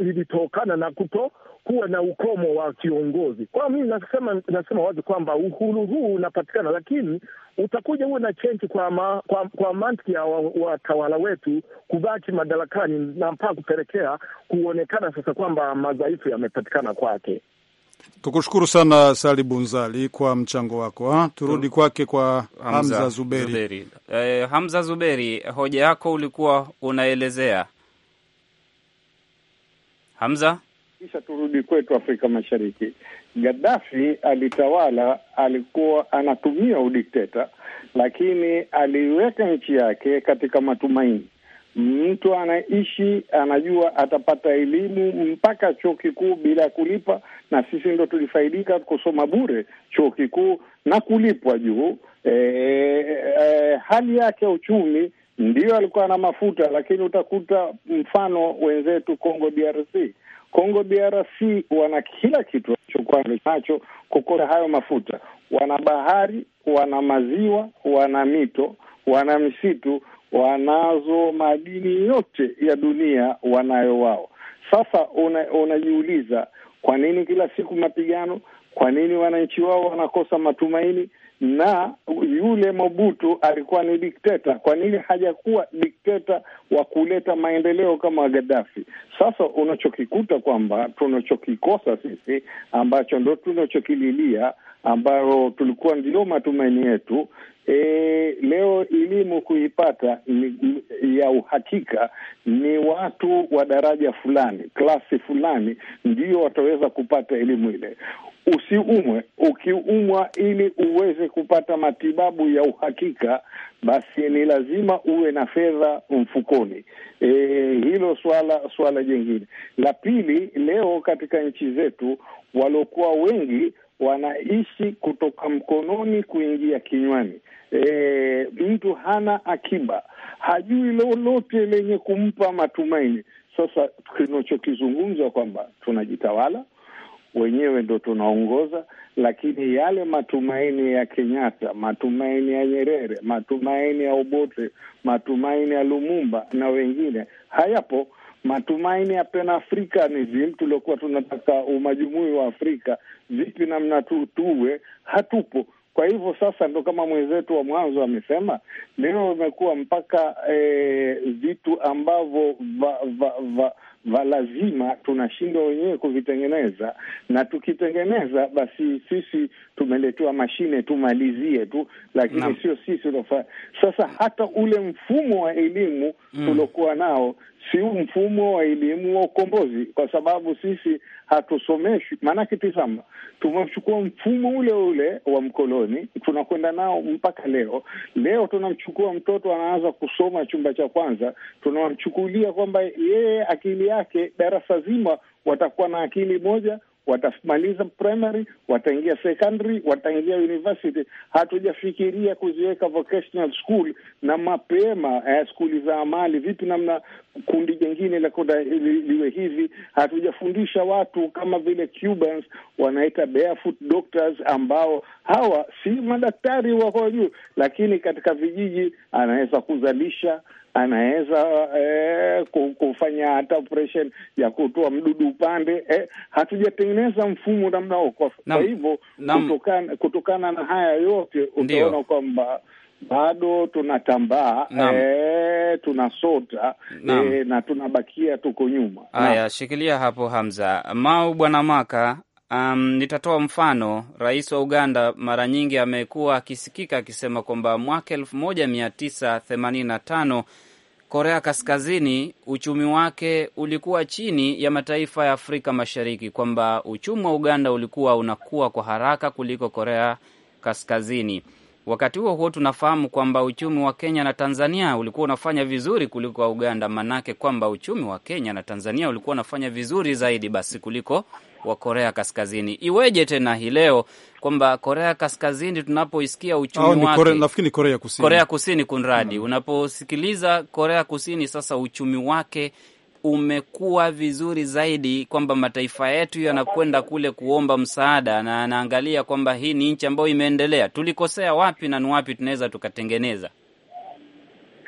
lilitokana na kuto kuwa na ukomo wa kiongozi. Kwa mimi nasema, nasema wazi kwamba uhuru huu unapatikana, lakini utakuja huwe na chenji kwa, ma, kwa, kwa mantiki ya watawala wa wetu kubaki madarakani na mpaka kupelekea kuonekana sasa kwamba madhaifu yamepatikana kwake. Tukushukuru sana Sali Bunzali kwa mchango wako ha? Turudi kwake kwa Hamza, Hamza Zuberi, Zuberi. Eh, Hamza Zuberi, hoja yako ulikuwa unaelezea Hamza, kisha turudi kwetu Afrika Mashariki. Gaddafi alitawala, alikuwa anatumia udikteta, lakini aliweka nchi yake katika matumaini mtu anaishi anajua atapata elimu mpaka chuo kikuu bila ya kulipa, na sisi ndo tulifaidika kusoma bure chuo kikuu na kulipwa juu. E, e, hali yake ya uchumi ndiyo alikuwa na mafuta, lakini utakuta mfano wenzetu Congo DRC, Congo DRC wana kila kitu walichokuwa nacho kukosa hayo mafuta. Wana bahari, wana maziwa, wana mito, wana misitu wanazo madini yote ya dunia wanayo wao. Sasa unajiuliza una kwa nini kila siku mapigano? Kwa nini wananchi wao wanakosa matumaini? Na yule Mobutu alikuwa ni dikteta, kwa nini hajakuwa dikteta wa kuleta maendeleo kama Gaddafi? Sasa unachokikuta kwamba tunachokikosa sisi, ambacho ndo tunachokililia, ambayo tulikuwa ndio matumaini yetu E, leo elimu kuipata ni, ya uhakika ni watu wa daraja fulani, klasi fulani ndio wataweza kupata elimu ile. Usiumwe. Ukiumwa ili uweze kupata matibabu ya uhakika, basi ni lazima uwe na fedha mfukoni. E, hilo swala swala jingine la pili, leo katika nchi zetu waliokuwa wengi wanaishi kutoka mkononi kuingia kinywani e, mtu hana akiba, hajui lolote lenye kumpa matumaini. Sasa tunachokizungumza kwamba tunajitawala wenyewe ndo tunaongoza, lakini yale matumaini ya Kenyatta, matumaini ya Nyerere, matumaini ya Obote, matumaini ya Lumumba na wengine hayapo. Matumaini ya Pan-Africanism tuliokuwa tunataka umajumui wa Afrika, vipi namna tu tuwe, hatupo. Kwa hivyo sasa, ndo kama mwenzetu wa mwanzo amesema, leo imekuwa mpaka e, vitu ambavyo va, va, va, va lazima tunashindwa wenyewe kuvitengeneza, na tukitengeneza basi sisi tumeletewa mashine tumalizie tu, lakini sio sisi. Sasa hata ule mfumo wa elimu mm. tuliokuwa nao si mfumo wa elimu wa ukombozi, kwa sababu sisi hatusomeshwi. Maanake tizama, tumechukua mfumo ule ule wa mkoloni, tunakwenda nao mpaka leo. Leo tunamchukua mtoto anaanza kusoma chumba cha kwanza, tunamchukulia kwamba yeye akili yake darasa zima watakuwa na akili moja watamaliza primary, wataingia secondary, wataingia university. Hatujafikiria kuziweka vocational school na mapema eh, skuli za amali vipi, namna kundi jengine la kuda li, liwe hivi. Hatujafundisha watu kama vile Cubans wanaita barefoot doctors, ambao hawa si madaktari wako juu, lakini katika vijiji anaweza kuzalisha anaweza eh, kufanya hata operation ya kutoa mdudu upande eh, hatujatengeneza mfumo namna huo. Kwa hivyo kutokana, kutokana na haya yote utaona kwamba bado tunatambaa e, tunasota e, na tunabakia tuko nyuma. Haya, shikilia hapo Hamza Mau bwana Maka. Um, nitatoa mfano. Rais wa Uganda mara nyingi amekuwa akisikika akisema kwamba mwaka elfu moja mia tisa themanini na tano Korea Kaskazini uchumi wake ulikuwa chini ya mataifa ya Afrika Mashariki, kwamba uchumi wa Uganda ulikuwa unakuwa kwa haraka kuliko Korea Kaskazini. Wakati huo huo, tunafahamu kwamba uchumi wa Kenya na Tanzania ulikuwa unafanya vizuri kuliko wa Uganda, manake kwamba uchumi wa Kenya na Tanzania ulikuwa unafanya vizuri zaidi basi kuliko wa Korea Kaskazini. Iweje tena hii leo kwamba Korea Kaskazini tunapoisikia uchumi wake, nafikiri Korea Kusini, Korea Kusini kunradi, mm. unaposikiliza Korea Kusini sasa uchumi wake umekuwa vizuri zaidi, kwamba mataifa yetu yanakwenda kule kuomba msaada na anaangalia kwamba hii ni nchi ambayo imeendelea, tulikosea wapi na ni wapi tunaweza tukatengeneza.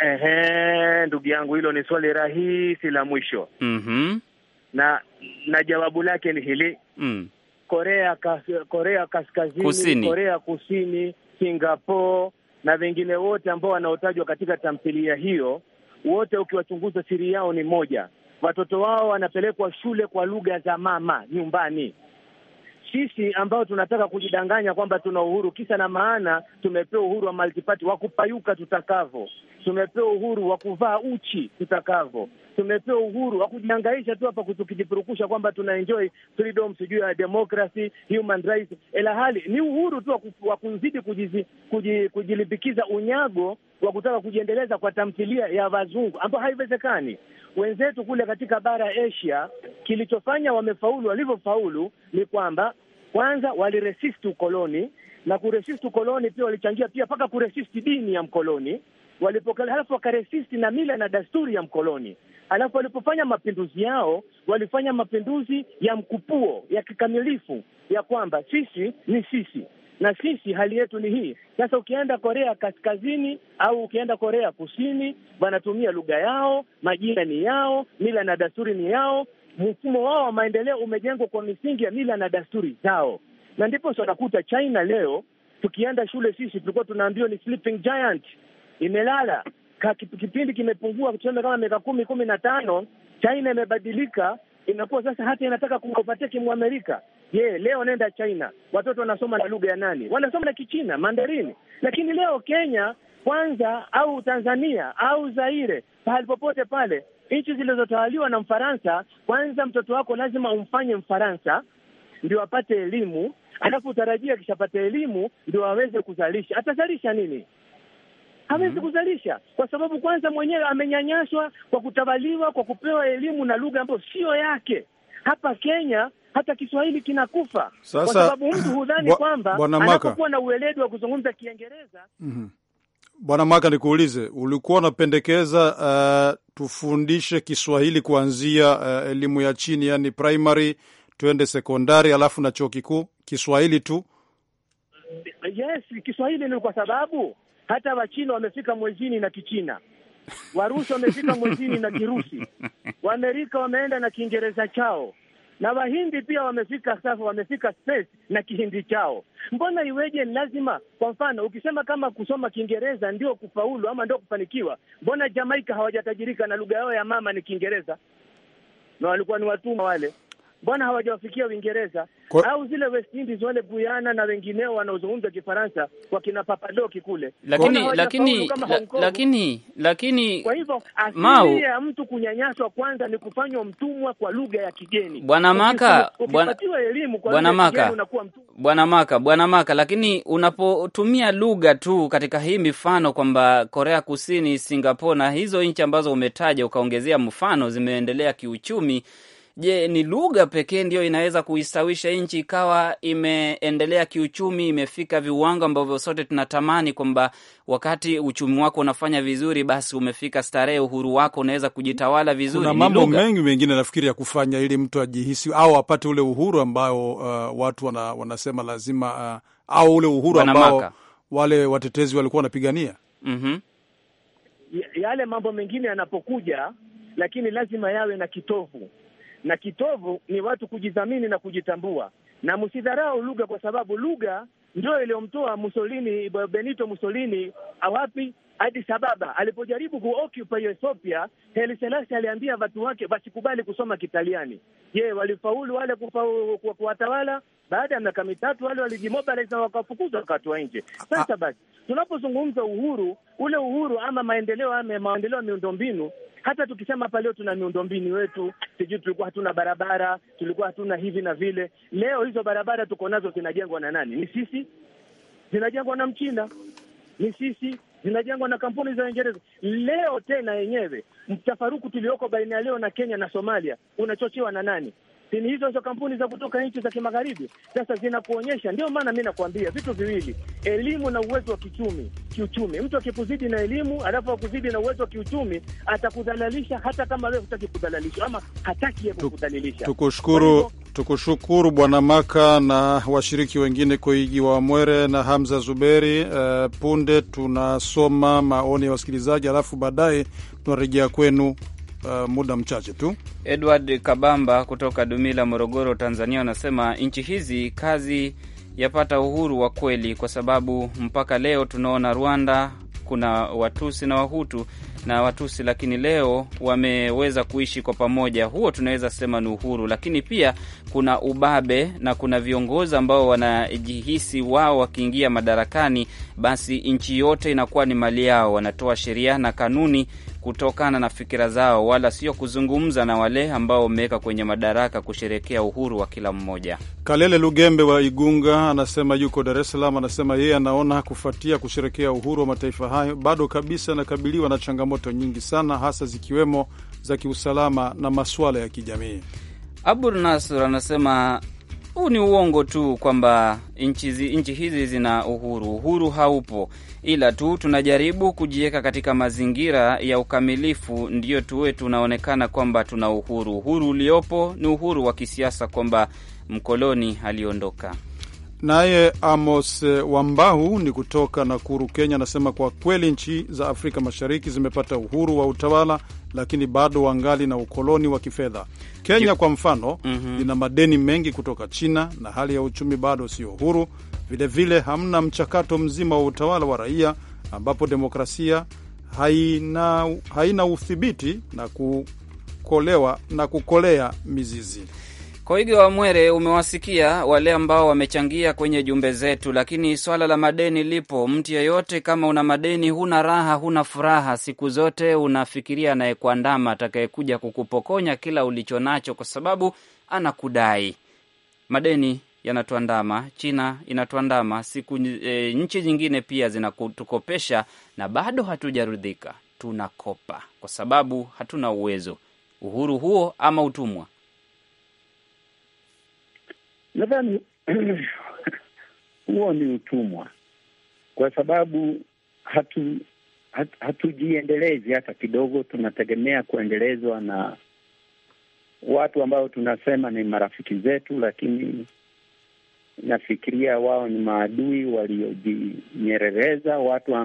Ehe, ndugu yangu, hilo ni swali rahisi la mwisho. mm -hmm na na jawabu lake ni hili mm. Korea kas, Korea Kaskazini kusini. Korea Kusini, Singapore na wengine wote ambao wanaotajwa katika tamthilia hiyo, wote ukiwachunguza, siri yao ni moja, watoto wao wanapelekwa shule kwa lugha za mama nyumbani, sisi ambao tunataka kujidanganya kwamba tuna uhuru kisa na maana, tumepewa uhuru wa multiparty wa kupayuka tutakavyo, tumepewa uhuru wa kuvaa uchi tutakavyo, tumepewa uhuru wa kujihangaisha tu hapa tukijipurukusha kwamba tuna enjoy freedom, sijui ya democracy, human rights, ila hali ni uhuru tu wa kuzidi kujilimbikiza unyago wa kutaka kujiendeleza kwa tamthilia ya wazungu ambayo haiwezekani wenzetu kule katika bara ya Asia, kilichofanya wamefaulu walivyofaulu ni kwamba kwanza waliresist ukoloni, na kuresist ukoloni pia walichangia pia mpaka kuresist dini ya mkoloni walipokala, halafu wakaresisti na mila na desturi ya mkoloni. Alafu walipofanya mapinduzi yao, walifanya mapinduzi ya mkupuo ya kikamilifu, ya kwamba sisi ni sisi na sisi hali yetu ni hii. Sasa ukienda Korea Kaskazini au ukienda Korea Kusini, wanatumia lugha yao, majina ni yao, mila na dasturi ni yao. Mfumo wao wa maendeleo umejengwa kwa misingi ya mila na dasturi zao, na ndipo unakuta China leo, tukienda shule sisi tulikuwa tunaambiwa ni sleeping giant, imelala kipindi kimepungua, tuseme kama miaka kumi kumi na tano. China imebadilika, inakuwa sasa hata inataka kuwapatia kimwamerika Je, leo nenda China, watoto wanasoma na lugha ya nani? Wanasoma na Kichina, Mandarini. Lakini leo Kenya kwanza au Tanzania au Zaire, pahali popote pale, nchi zilizotawaliwa na Mfaransa, kwanza mtoto wako lazima umfanye Mfaransa ndio apate elimu, alafu utarajia akishapata elimu ndio aweze kuzalisha. Atazalisha nini? Hawezi mhm. kuzalisha kwa sababu kwanza mwenyewe amenyanyaswa kwa kutawaliwa, kwa kupewa elimu na lugha ambayo sio yake. Hapa Kenya hata Kiswahili kinakufa sasa, kwa sababu mtu hudhani kwamba anapokuwa na ueledi wa kuzungumza Kiingereza. mm -hmm. Bwana Maka, nikuulize, ulikuwa unapendekeza uh, tufundishe Kiswahili kuanzia uh, elimu ya chini, yani primary, tuende sekondari, alafu na chuo kikuu, Kiswahili tu? Yes, Kiswahili ni kwa sababu hata Wachina wamefika mwezini na Kichina, Warusi wamefika mwezini na Kirusi, Waamerika wameenda na Kiingereza chao na Wahindi pia wamefika sasa, wamefika space na Kihindi chao. Mbona iweje? Lazima kwa mfano, ukisema kama kusoma Kiingereza ndio kufaulu ama ndio kufanikiwa, mbona Jamaika hawajatajirika na lugha yao ya mama ni Kiingereza na walikuwa ni watumwa wale? mbona hawajawafikia Uingereza Kwa... au zile West Indies wale Guyana na wengineo wanaozungumza Kifaransa wakina Papadoki kule, lakini lakini lakini lakini. Kwa hivyo asili ya mtu kunyanyaswa kwanza ni kufanywa mtumwa kwa lugha ya kigeni. Bwana Maka, ukipatiwa elimu kwa Bwana Maka, unakuwa mtumwa. Bwana Maka, Bwana Maka, lakini unapotumia lugha tu katika hii mifano kwamba Korea Kusini, Singapore na hizo nchi ambazo umetaja ukaongezea mfano zimeendelea kiuchumi Je, ni lugha pekee ndiyo inaweza kuistawisha nchi ikawa imeendelea kiuchumi, imefika viwango ambavyo sote tunatamani kwamba wakati uchumi wako unafanya vizuri, basi umefika starehe, uhuru wako unaweza kujitawala vizuri? Kuna mambo mengi mengine nafikiri ya kufanya ili mtu ajihisi au apate ule uhuru ambao uh, watu wana, wanasema lazima uh, au ule uhuru ambao wale watetezi walikuwa wanapigania mm -hmm. Yale mambo mengine yanapokuja, lakini lazima yawe na kitovu na kitovu ni watu kujidhamini na kujitambua, na msidharau lugha, kwa sababu lugha ndio iliyomtoa Mussolini, Benito Mussolini awapi Addis Ababa alipojaribu kuoccupy Ethiopia, Haile Selassie aliambia watu wake wasikubali kusoma Kitaliani. Je, walifaulu wale kuwatawala? baada ya miaka mitatu wale walijimobilize na wakafukuzwa wakatoa nje. Sasa ah. basi, tunapozungumza uhuru ule uhuru ama maendeleo ame maendeleo ya miundombinu hata tukisema hapa leo tuna miundombinu wetu, sijui tulikuwa hatuna barabara, tulikuwa hatuna hivi na vile. Leo hizo barabara tuko nazo zinajengwa na nani? Ni sisi. Zinajengwa na Mchina, ni sisi. Zinajengwa na kampuni za Uingereza. Leo tena yenyewe mtafaruku tulioko baina ya leo na Kenya na Somalia unachochewa na nani? Simu hizo hizo kampuni za kutoka nchi za kimagharibi sasa zinakuonyesha. Ndio maana mi nakuambia vitu viwili, elimu na uwezo wa kichumi kiuchumi. Mtu akikuzidi na elimu alafu akuzidi na uwezo wa kiuchumi atakudhalalisha, hata kama wewe hutaki kudhalilishwa ama hataki yeye kukudhalilisha. Tukushukuru, tukushukuru Bwana Maka na washiriki wengine Koigi wa Mwere na Hamza Zuberi. Uh, punde tunasoma maoni ya wasikilizaji alafu baadaye tunarejea kwenu uh, muda mchache tu. Edward Kabamba kutoka Dumila, Morogoro, Tanzania, anasema nchi hizi kazi yapata uhuru wa kweli, kwa sababu mpaka leo tunaona Rwanda kuna Watusi na Wahutu na Watusi, lakini leo wameweza kuishi kwa pamoja. Huo tunaweza sema ni uhuru, lakini pia kuna ubabe na kuna viongozi ambao wanajihisi wao wakiingia madarakani, basi nchi yote inakuwa ni mali yao. Wanatoa sheria na kanuni kutokana na fikira zao, wala sio kuzungumza na wale ambao wameweka kwenye madaraka kusherekea uhuru wa kila mmoja. Kalele Lugembe wa Igunga anasema yuko Dar es Salaam, anasema yeye anaona kufuatia kusherekea uhuru wa mataifa hayo bado kabisa anakabiliwa na changamoto nyingi sana, hasa zikiwemo za kiusalama na masuala ya kijamii. Abur Nasr anasema huu ni uongo tu kwamba nchi hizi zina uhuru. Uhuru haupo, ila tu tunajaribu kujiweka katika mazingira ya ukamilifu, ndiyo tuwe tunaonekana kwamba tuna uhuru. Uhuru uliopo ni uhuru wa kisiasa, kwamba mkoloni aliondoka. Naye Amos eh, Wambahu ni kutoka Nakuru, Kenya, anasema kwa kweli nchi za Afrika Mashariki zimepata uhuru wa utawala, lakini bado wangali na ukoloni wa kifedha. Kenya kwa mfano mm -hmm. ina madeni mengi kutoka China na hali ya uchumi bado sio huru. Vilevile hamna mchakato mzima wa utawala wa raia, ambapo demokrasia haina, haina uthibiti na kukolewa na kukolea mizizi. Koigi wa Mwere, umewasikia wale ambao wamechangia kwenye jumbe zetu, lakini swala la madeni lipo. Mtu yeyote kama una madeni, huna raha, huna furaha, siku zote unafikiria anayekuandama, atakayekuja kukupokonya kila ulicho nacho kwa sababu anakudai. Madeni yanatuandama, China inatuandama siku e, nchi nyingine pia zinatukopesha na bado hatujarudhika, tunakopa kwa sababu hatuna uwezo. Uhuru huo ama utumwa? Nadhani huo ni utumwa, kwa sababu hatu hat, hatujiendelezi hata kidogo. Tunategemea kuendelezwa na watu ambao tunasema ni marafiki zetu, lakini nafikiria wao ni maadui waliojinyerereza watu wa,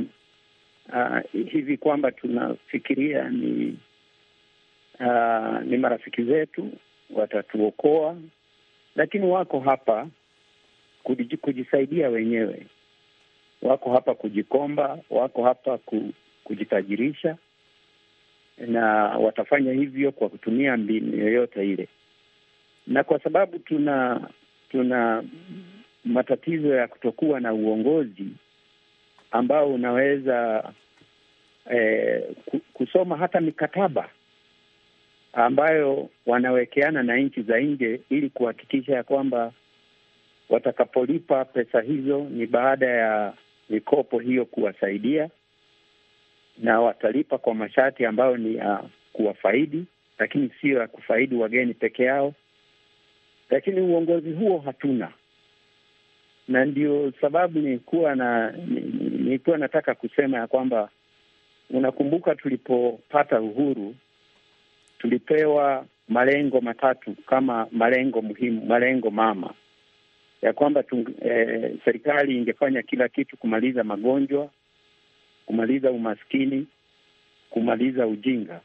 uh, hivi kwamba tunafikiria ni uh, ni marafiki zetu watatuokoa lakini wako hapa kujisaidia wenyewe, wako hapa kujikomba, wako hapa kujitajirisha, na watafanya hivyo kwa kutumia mbinu yoyote ile. Na kwa sababu tuna tuna matatizo ya kutokuwa na uongozi ambao unaweza eh, kusoma hata mikataba ambayo wanawekeana na nchi za nje ili kuhakikisha ya kwamba watakapolipa pesa hizo ni baada ya mikopo hiyo kuwasaidia, na watalipa kwa masharti ambayo ni ya kuwafaidi, lakini sio ya kufaidi wageni peke yao. Lakini uongozi huo hatuna, na ndio sababu nilikuwa na nilikuwa nataka kusema ya kwamba unakumbuka tulipopata uhuru tulipewa malengo matatu kama malengo muhimu, malengo mama ya kwamba tu, eh, serikali ingefanya kila kitu kumaliza magonjwa, kumaliza umaskini, kumaliza ujinga,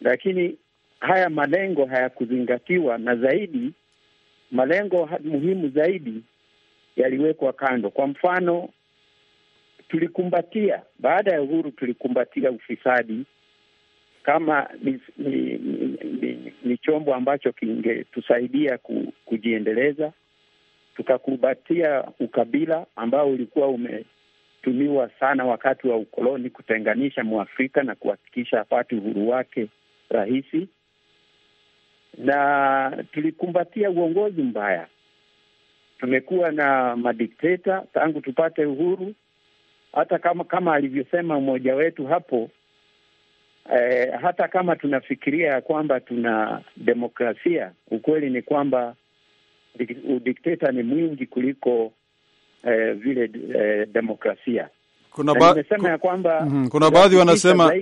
lakini haya malengo hayakuzingatiwa, na zaidi malengo muhimu zaidi yaliwekwa kando. Kwa mfano, tulikumbatia baada ya uhuru, tulikumbatia ufisadi kama ni, ni, ni, ni chombo ambacho kingetusaidia ku, kujiendeleza, tukakubatia ukabila ambao ulikuwa umetumiwa sana wakati wa ukoloni kutenganisha Mwafrika na kuhakikisha apate uhuru wake rahisi, na tulikumbatia uongozi mbaya. Tumekuwa na madikteta tangu tupate uhuru, hata kama kama alivyosema mmoja wetu hapo eh, hata kama tunafikiria ya kwamba tuna demokrasia, ukweli ni kwamba udikteta ni mwingi kuliko eh, vile eh, demokrasia. Kuna, ba kwamba, mm, kuna baadhi wanasema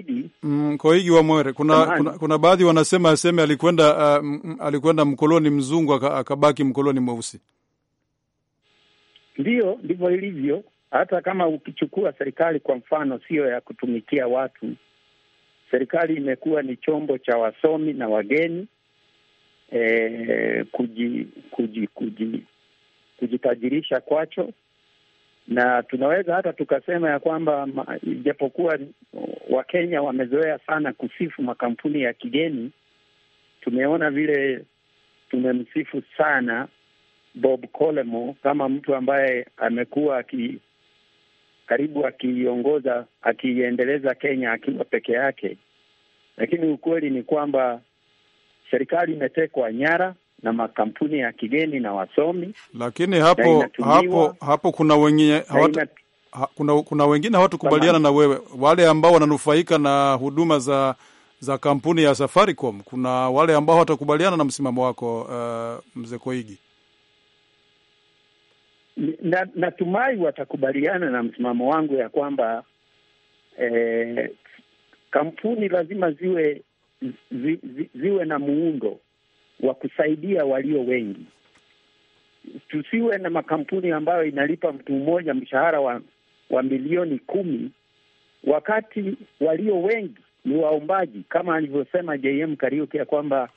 mm, Koigi wa Mwere, kuna, kuna, kuna baadhi wanasema aseme alikwenda uh, alikwenda mkoloni mzungu akabaki mkoloni mweusi. Ndiyo, ndivyo ilivyo. Hata kama ukichukua serikali kwa mfano, sio ya kutumikia watu serikali imekuwa ni chombo cha wasomi na wageni e, kuji, kuji, kuji, kujitajirisha kwacho, na tunaweza hata tukasema ya kwamba ijapokuwa Wakenya wamezoea sana kusifu makampuni ya kigeni, tumeona vile tumemsifu sana Bob Colemo kama mtu ambaye amekuwa aki karibu akiiongoza, akiiendeleza Kenya akiwa peke yake, lakini ukweli ni kwamba serikali imetekwa nyara na makampuni ya kigeni na wasomi. Lakini hapo hapo hapo kuna wengine hawata, ha, kuna, kuna wengine hawatukubaliana na wewe, wale ambao wananufaika na huduma za za kampuni ya Safaricom. Kuna wale ambao hawatakubaliana na msimamo wako, uh, mzee Koigi na, natumai watakubaliana na msimamo wangu ya kwamba eh, kampuni lazima ziwe zi, zi, ziwe na muundo wa kusaidia walio wengi. Tusiwe na makampuni ambayo inalipa mtu mmoja mshahara wa, wa milioni kumi wakati walio wengi ni waombaji, kama alivyosema JM Kariuki ya kwamba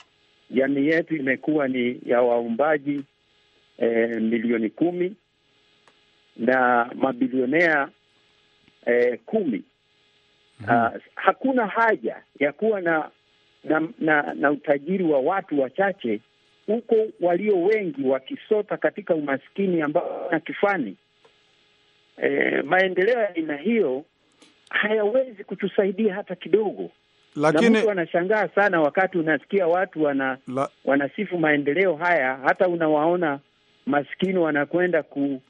jamii yetu imekuwa ni ya waombaji eh, milioni kumi na mabilionea eh, kumi. Hmm. Uh, hakuna haja ya kuwa na na, na na utajiri wa watu wachache huko walio wengi wakisota katika umaskini ambao na kifani. e, maendeleo ya aina hiyo hayawezi kutusaidia hata kidogo. Lakini na mtu anashangaa sana wakati unasikia watu wana la... wanasifu maendeleo haya, hata unawaona maskini wanakwenda ku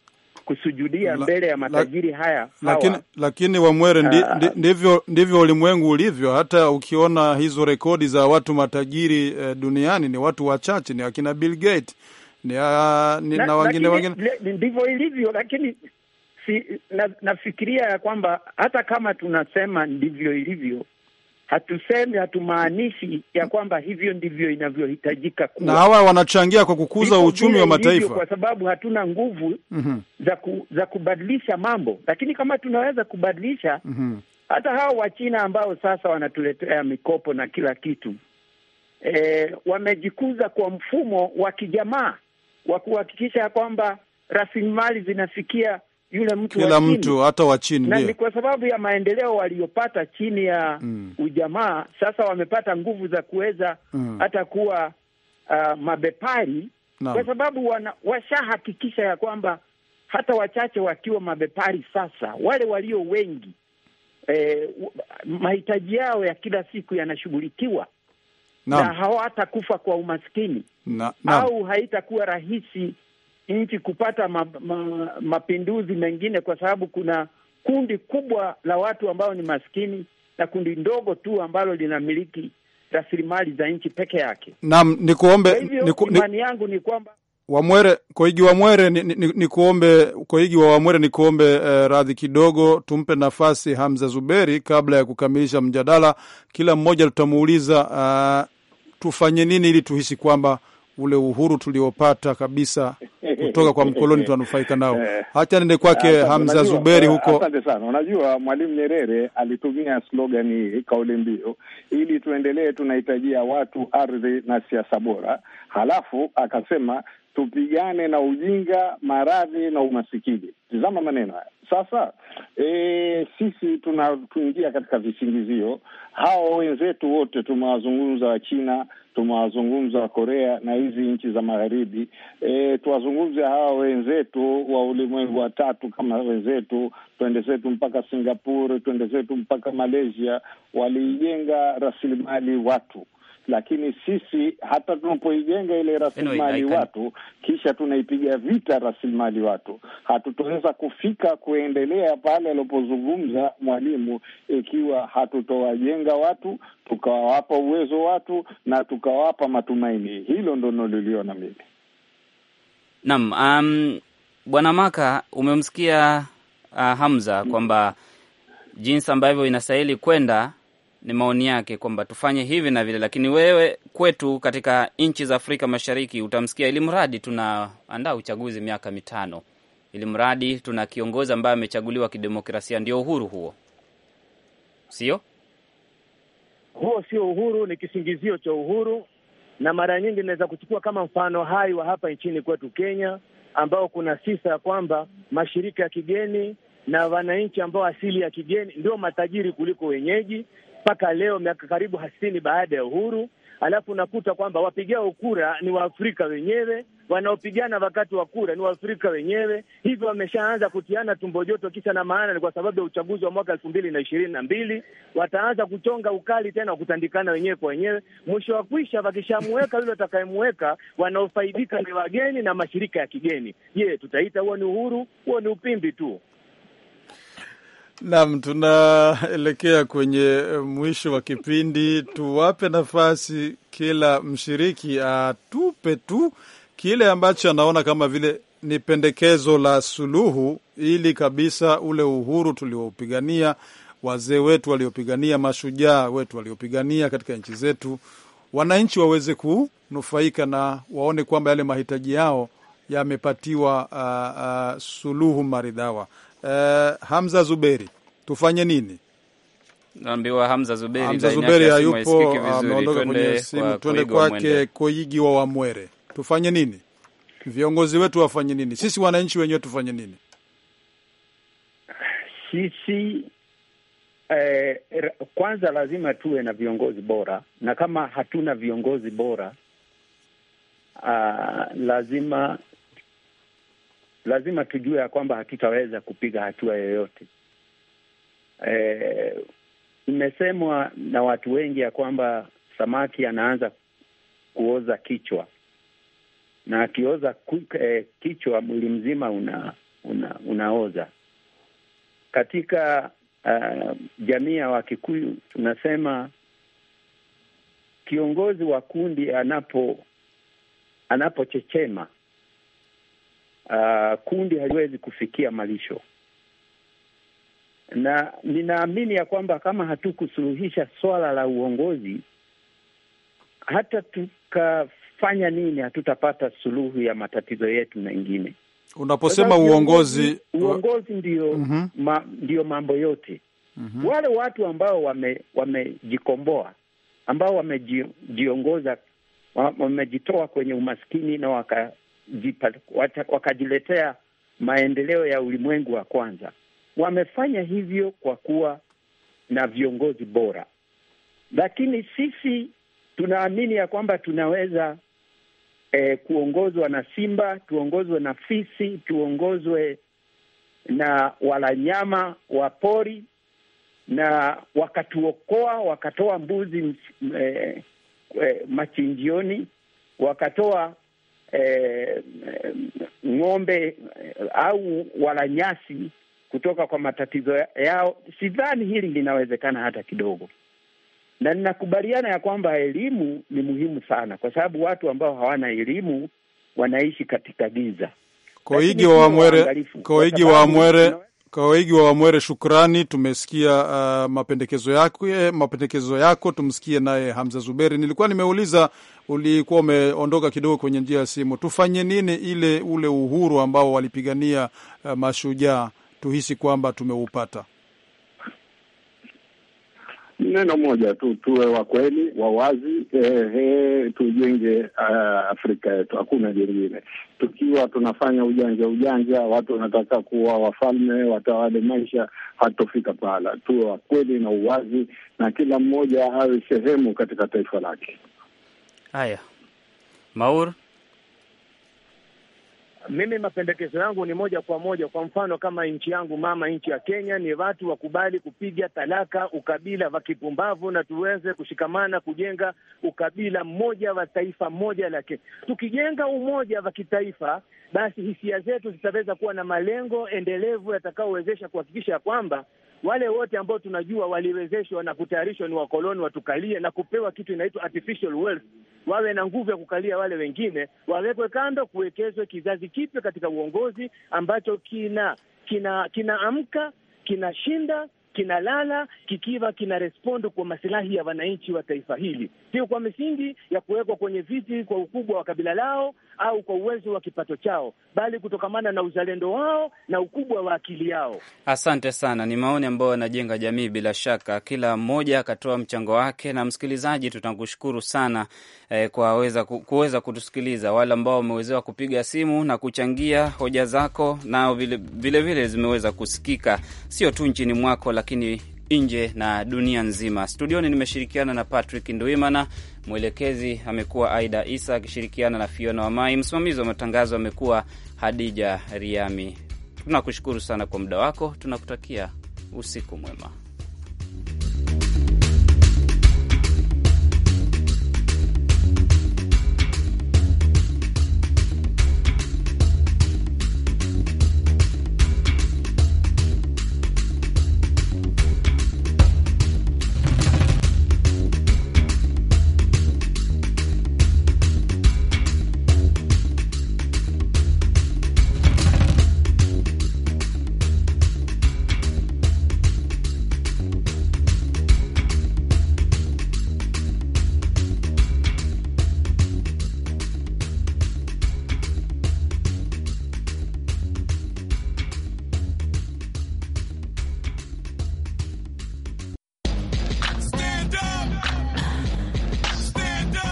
kusujudia la, mbele ya matajiri la, haya lakini, lakini Wamwere, ah. ndi, ndivyo ndivyo ulimwengu ulivyo. Hata ukiona hizo rekodi za watu matajiri eh, duniani ni watu wachache, ni akina Bill Gates ni, uh, ni, na, na wengine wengine ndivyo ilivyo, lakini si, na, nafikiria ya kwamba hata kama tunasema ndivyo ilivyo Hatusemi, hatumaanishi ya kwamba hivyo ndivyo inavyohitajika kuwa, na hawa wanachangia kwa kukuza uchumi wa mataifa, kwa sababu hatuna nguvu mm -hmm. za, ku, za kubadilisha mambo, lakini kama tunaweza kubadilisha mm -hmm. hata hawa Wachina ambao sasa wanatuletea mikopo na kila kitu e, wamejikuza kwa mfumo wa kijamaa wa kuhakikisha kwamba rasilimali zinafikia yule mtu kila mtu hata wa chini, na ni kwa sababu ya maendeleo waliyopata chini ya mm. ujamaa. Sasa wamepata nguvu za kuweza mm. hata kuwa uh, mabepari no. kwa sababu wana, washahakikisha ya kwamba hata wachache wakiwa mabepari sasa, wale walio wengi eh, mahitaji yao ya kila siku yanashughulikiwa na hawatakufa kwa umaskini na, na, au haitakuwa rahisi nchi kupata ma, ma, mapinduzi mengine, kwa sababu kuna kundi kubwa la watu ambao ni maskini na kundi ndogo tu ambalo linamiliki rasilimali za nchi peke yake. Naam, nikuombe imani yangu ni kwamba Wamwere Koigi Wamwere ni, ni, ni kuombe Koigi wa Wamwere ni kuombe eh, radhi kidogo, tumpe nafasi Hamza Zuberi kabla ya kukamilisha mjadala. Kila mmoja tutamuuliza uh, tufanye nini ili tuhisi kwamba ule uhuru tuliopata kabisa kutoka kwa mkoloni tunanufaika nao. Hacha eh. nende ah, kwake Hamza Zuberi eh, huko. Asante sana. Unajua, Mwalimu Nyerere alitumia slogan hii, kauli mbiu, ili tuendelee, tunahitajia watu, ardhi na siasa bora. Halafu akasema tupigane na ujinga, maradhi na umasikini. Tizama maneno haya sasa. E, sisi tunatuingia katika visingizio. Hawa wenzetu wote tumewazungumza Wachina, tumewazungumza Wakorea na hizi nchi za magharibi. E, tuwazungumze hawa wenzetu wa ulimwengu wa tatu kama wenzetu, twende zetu mpaka Singapore, twende zetu mpaka Malaysia. Waliijenga rasilimali watu lakini sisi hata tunapoijenga ile rasilimali watu kisha tunaipiga vita rasilimali watu, hatutoweza kufika kuendelea pale alipozungumza mwalimu, ikiwa hatutowajenga watu tukawapa uwezo watu na tukawapa matumaini. Hilo ndo naliliona mimi. Naam, um, Bwana Maka, umemsikia uh, Hamza kwamba jinsi ambavyo inastahili kwenda ni maoni yake kwamba tufanye hivi na vile, lakini wewe kwetu katika nchi za Afrika Mashariki utamsikia ili mradi tunaandaa uchaguzi miaka mitano, ili mradi tuna kiongozi ambaye amechaguliwa kidemokrasia, ndio uhuru huo. Sio huo, sio uhuru, ni kisingizio cha uhuru. Na mara nyingi inaweza kuchukua kama mfano hai wa hapa nchini kwetu Kenya, ambao kuna sifa ya kwamba mashirika ya kigeni na wananchi ambao asili ya kigeni ndio matajiri kuliko wenyeji, mpaka leo, miaka karibu hamsini baada ya uhuru. Alafu unakuta kwamba wapigao kura ni Waafrika wenyewe, wanaopigana wakati wa kura ni Waafrika wenyewe. Hivyo wameshaanza kutiana tumbo joto. Kisa na maana ni kwa sababu ya uchaguzi wa mwaka elfu mbili na ishirini na mbili. Wataanza kuchonga ukali tena wa kutandikana wenyewe kwa wenyewe. Mwisho wa kwisha, wakishamuweka yule watakayemuweka, wanaofaidika ni wageni na mashirika ya kigeni. Je, tutaita huo ni uhuru? Huo ni upimbi tu. Naam, tunaelekea kwenye eh, mwisho wa kipindi. Tuwape nafasi kila mshiriki atupe tu kile ambacho anaona kama vile ni pendekezo la suluhu, ili kabisa ule uhuru tuliopigania wazee wetu waliopigania, mashujaa wetu waliopigania katika nchi zetu, wananchi waweze kunufaika na waone kwamba yale mahitaji yao yamepatiwa uh, uh, suluhu maridhawa uh, Hamza Zuberi, tufanye nini? Naambiwa Hamza Zuberi, Hamza Zuberi hayupo, ameondoka kwenye simu. Twende kwake Koigi wa Wamwere. Tufanye nini? Viongozi wetu wafanye nini? Sisi wananchi wenyewe tufanye nini? Sisi eh, kwanza lazima tuwe na viongozi bora, na kama hatuna viongozi bora Uh, lazima lazima tujue ya kwamba hatutaweza kupiga hatua yoyote. E, imesemwa na watu wengi ya kwamba samaki anaanza kuoza kichwa, na akioza e, kichwa mwili mzima una, una, unaoza. Katika uh, jamii ya Wakikuyu tunasema kiongozi wa kundi anapo anapochechema uh, kundi haliwezi kufikia malisho, na ninaamini ya kwamba kama hatukusuluhisha swala la uongozi, hata tukafanya nini, hatutapata suluhu ya matatizo yetu mengine. Unaposema uongozi, uongozi ndio uh mhm. -huh. ma, ndio mambo yote uh mhm. -huh. Wale watu ambao wame, wamejikomboa ambao wamejiongoza wamejitoa kwenye umaskini na waka wakajiletea maendeleo ya ulimwengu wa kwanza. Wamefanya hivyo kwa kuwa na viongozi bora, lakini sisi tunaamini ya kwamba tunaweza eh, kuongozwa na simba, tuongozwe na fisi, tuongozwe na walanyama wa pori na wakatuokoa, wakatoa mbuzi eh, eh, machinjioni, wakatoa eh, ng'ombe eh, au wala nyasi kutoka kwa matatizo yao, sidhani hili linawezekana hata kidogo. Na ninakubaliana ya kwamba elimu ni muhimu sana, kwa sababu watu ambao hawana elimu wanaishi katika giza. Koigi wa Mwere, Koigi wa Mwere, Kawegi wa Wamwere, shukrani. Tumesikia uh, mapendekezo yako, eh, mapendekezo yako. Tumsikie naye Hamza Zuberi. Nilikuwa nimeuliza, ulikuwa umeondoka kidogo kwenye njia ya simu, tufanye nini ile ule uhuru ambao walipigania uh, mashujaa, tuhisi kwamba tumeupata neno moja tu, tuwe wa kweli, wawazi, eh, eh, tujenge uh, Afrika yetu, hakuna jingine. Tukiwa tunafanya ujanja ujanja, watu wanataka kuwa wafalme, watawale maisha, hatofika pahala. Tuwe wa kweli na uwazi, na kila mmoja awe sehemu katika taifa lake. Haya, Maur mimi mapendekezo yangu ni moja kwa moja. Kwa mfano kama nchi yangu mama, nchi ya Kenya, ni watu wakubali kupiga talaka ukabila wa kipumbavu, na tuweze kushikamana kujenga ukabila mmoja wa taifa moja la Kenya. Tukijenga umoja wa kitaifa, basi hisia zetu zitaweza kuwa na malengo endelevu yatakayowezesha kuhakikisha kwamba wale wote ambao tunajua waliwezeshwa na kutayarishwa ni wakoloni watukalie na kupewa kitu inaitwa artificial wealth, wawe na nguvu ya kukalia wale wengine, wawekwe kando, kuwekezwe kizazi kipya katika uongozi ambacho kina kina kinaamka kinashinda kinalala kikiwa kina respond kwa masilahi ya wananchi wa taifa hili, sio kwa misingi ya kuwekwa kwenye viti kwa ukubwa wa kabila lao au kwa uwezo wa kipato chao bali kutokamana na uzalendo wao na ukubwa wa akili yao. Asante sana, ni maoni ambayo yanajenga jamii. Bila shaka kila mmoja akatoa mchango wake, na msikilizaji, tunakushukuru sana eh, kwa weza, kuweza kutusikiliza. Wale ambao wamewezewa kupiga simu na kuchangia hoja zako, nao vilevile vile zimeweza kusikika, sio tu nchini mwako lakini nje na dunia nzima. Studioni nimeshirikiana na Patrick Nduimana, mwelekezi amekuwa Aida Isa akishirikiana na Fiona Wamai, msimamizi wa matangazo amekuwa Hadija Riami, tunakushukuru sana kwa muda wako, tunakutakia usiku mwema.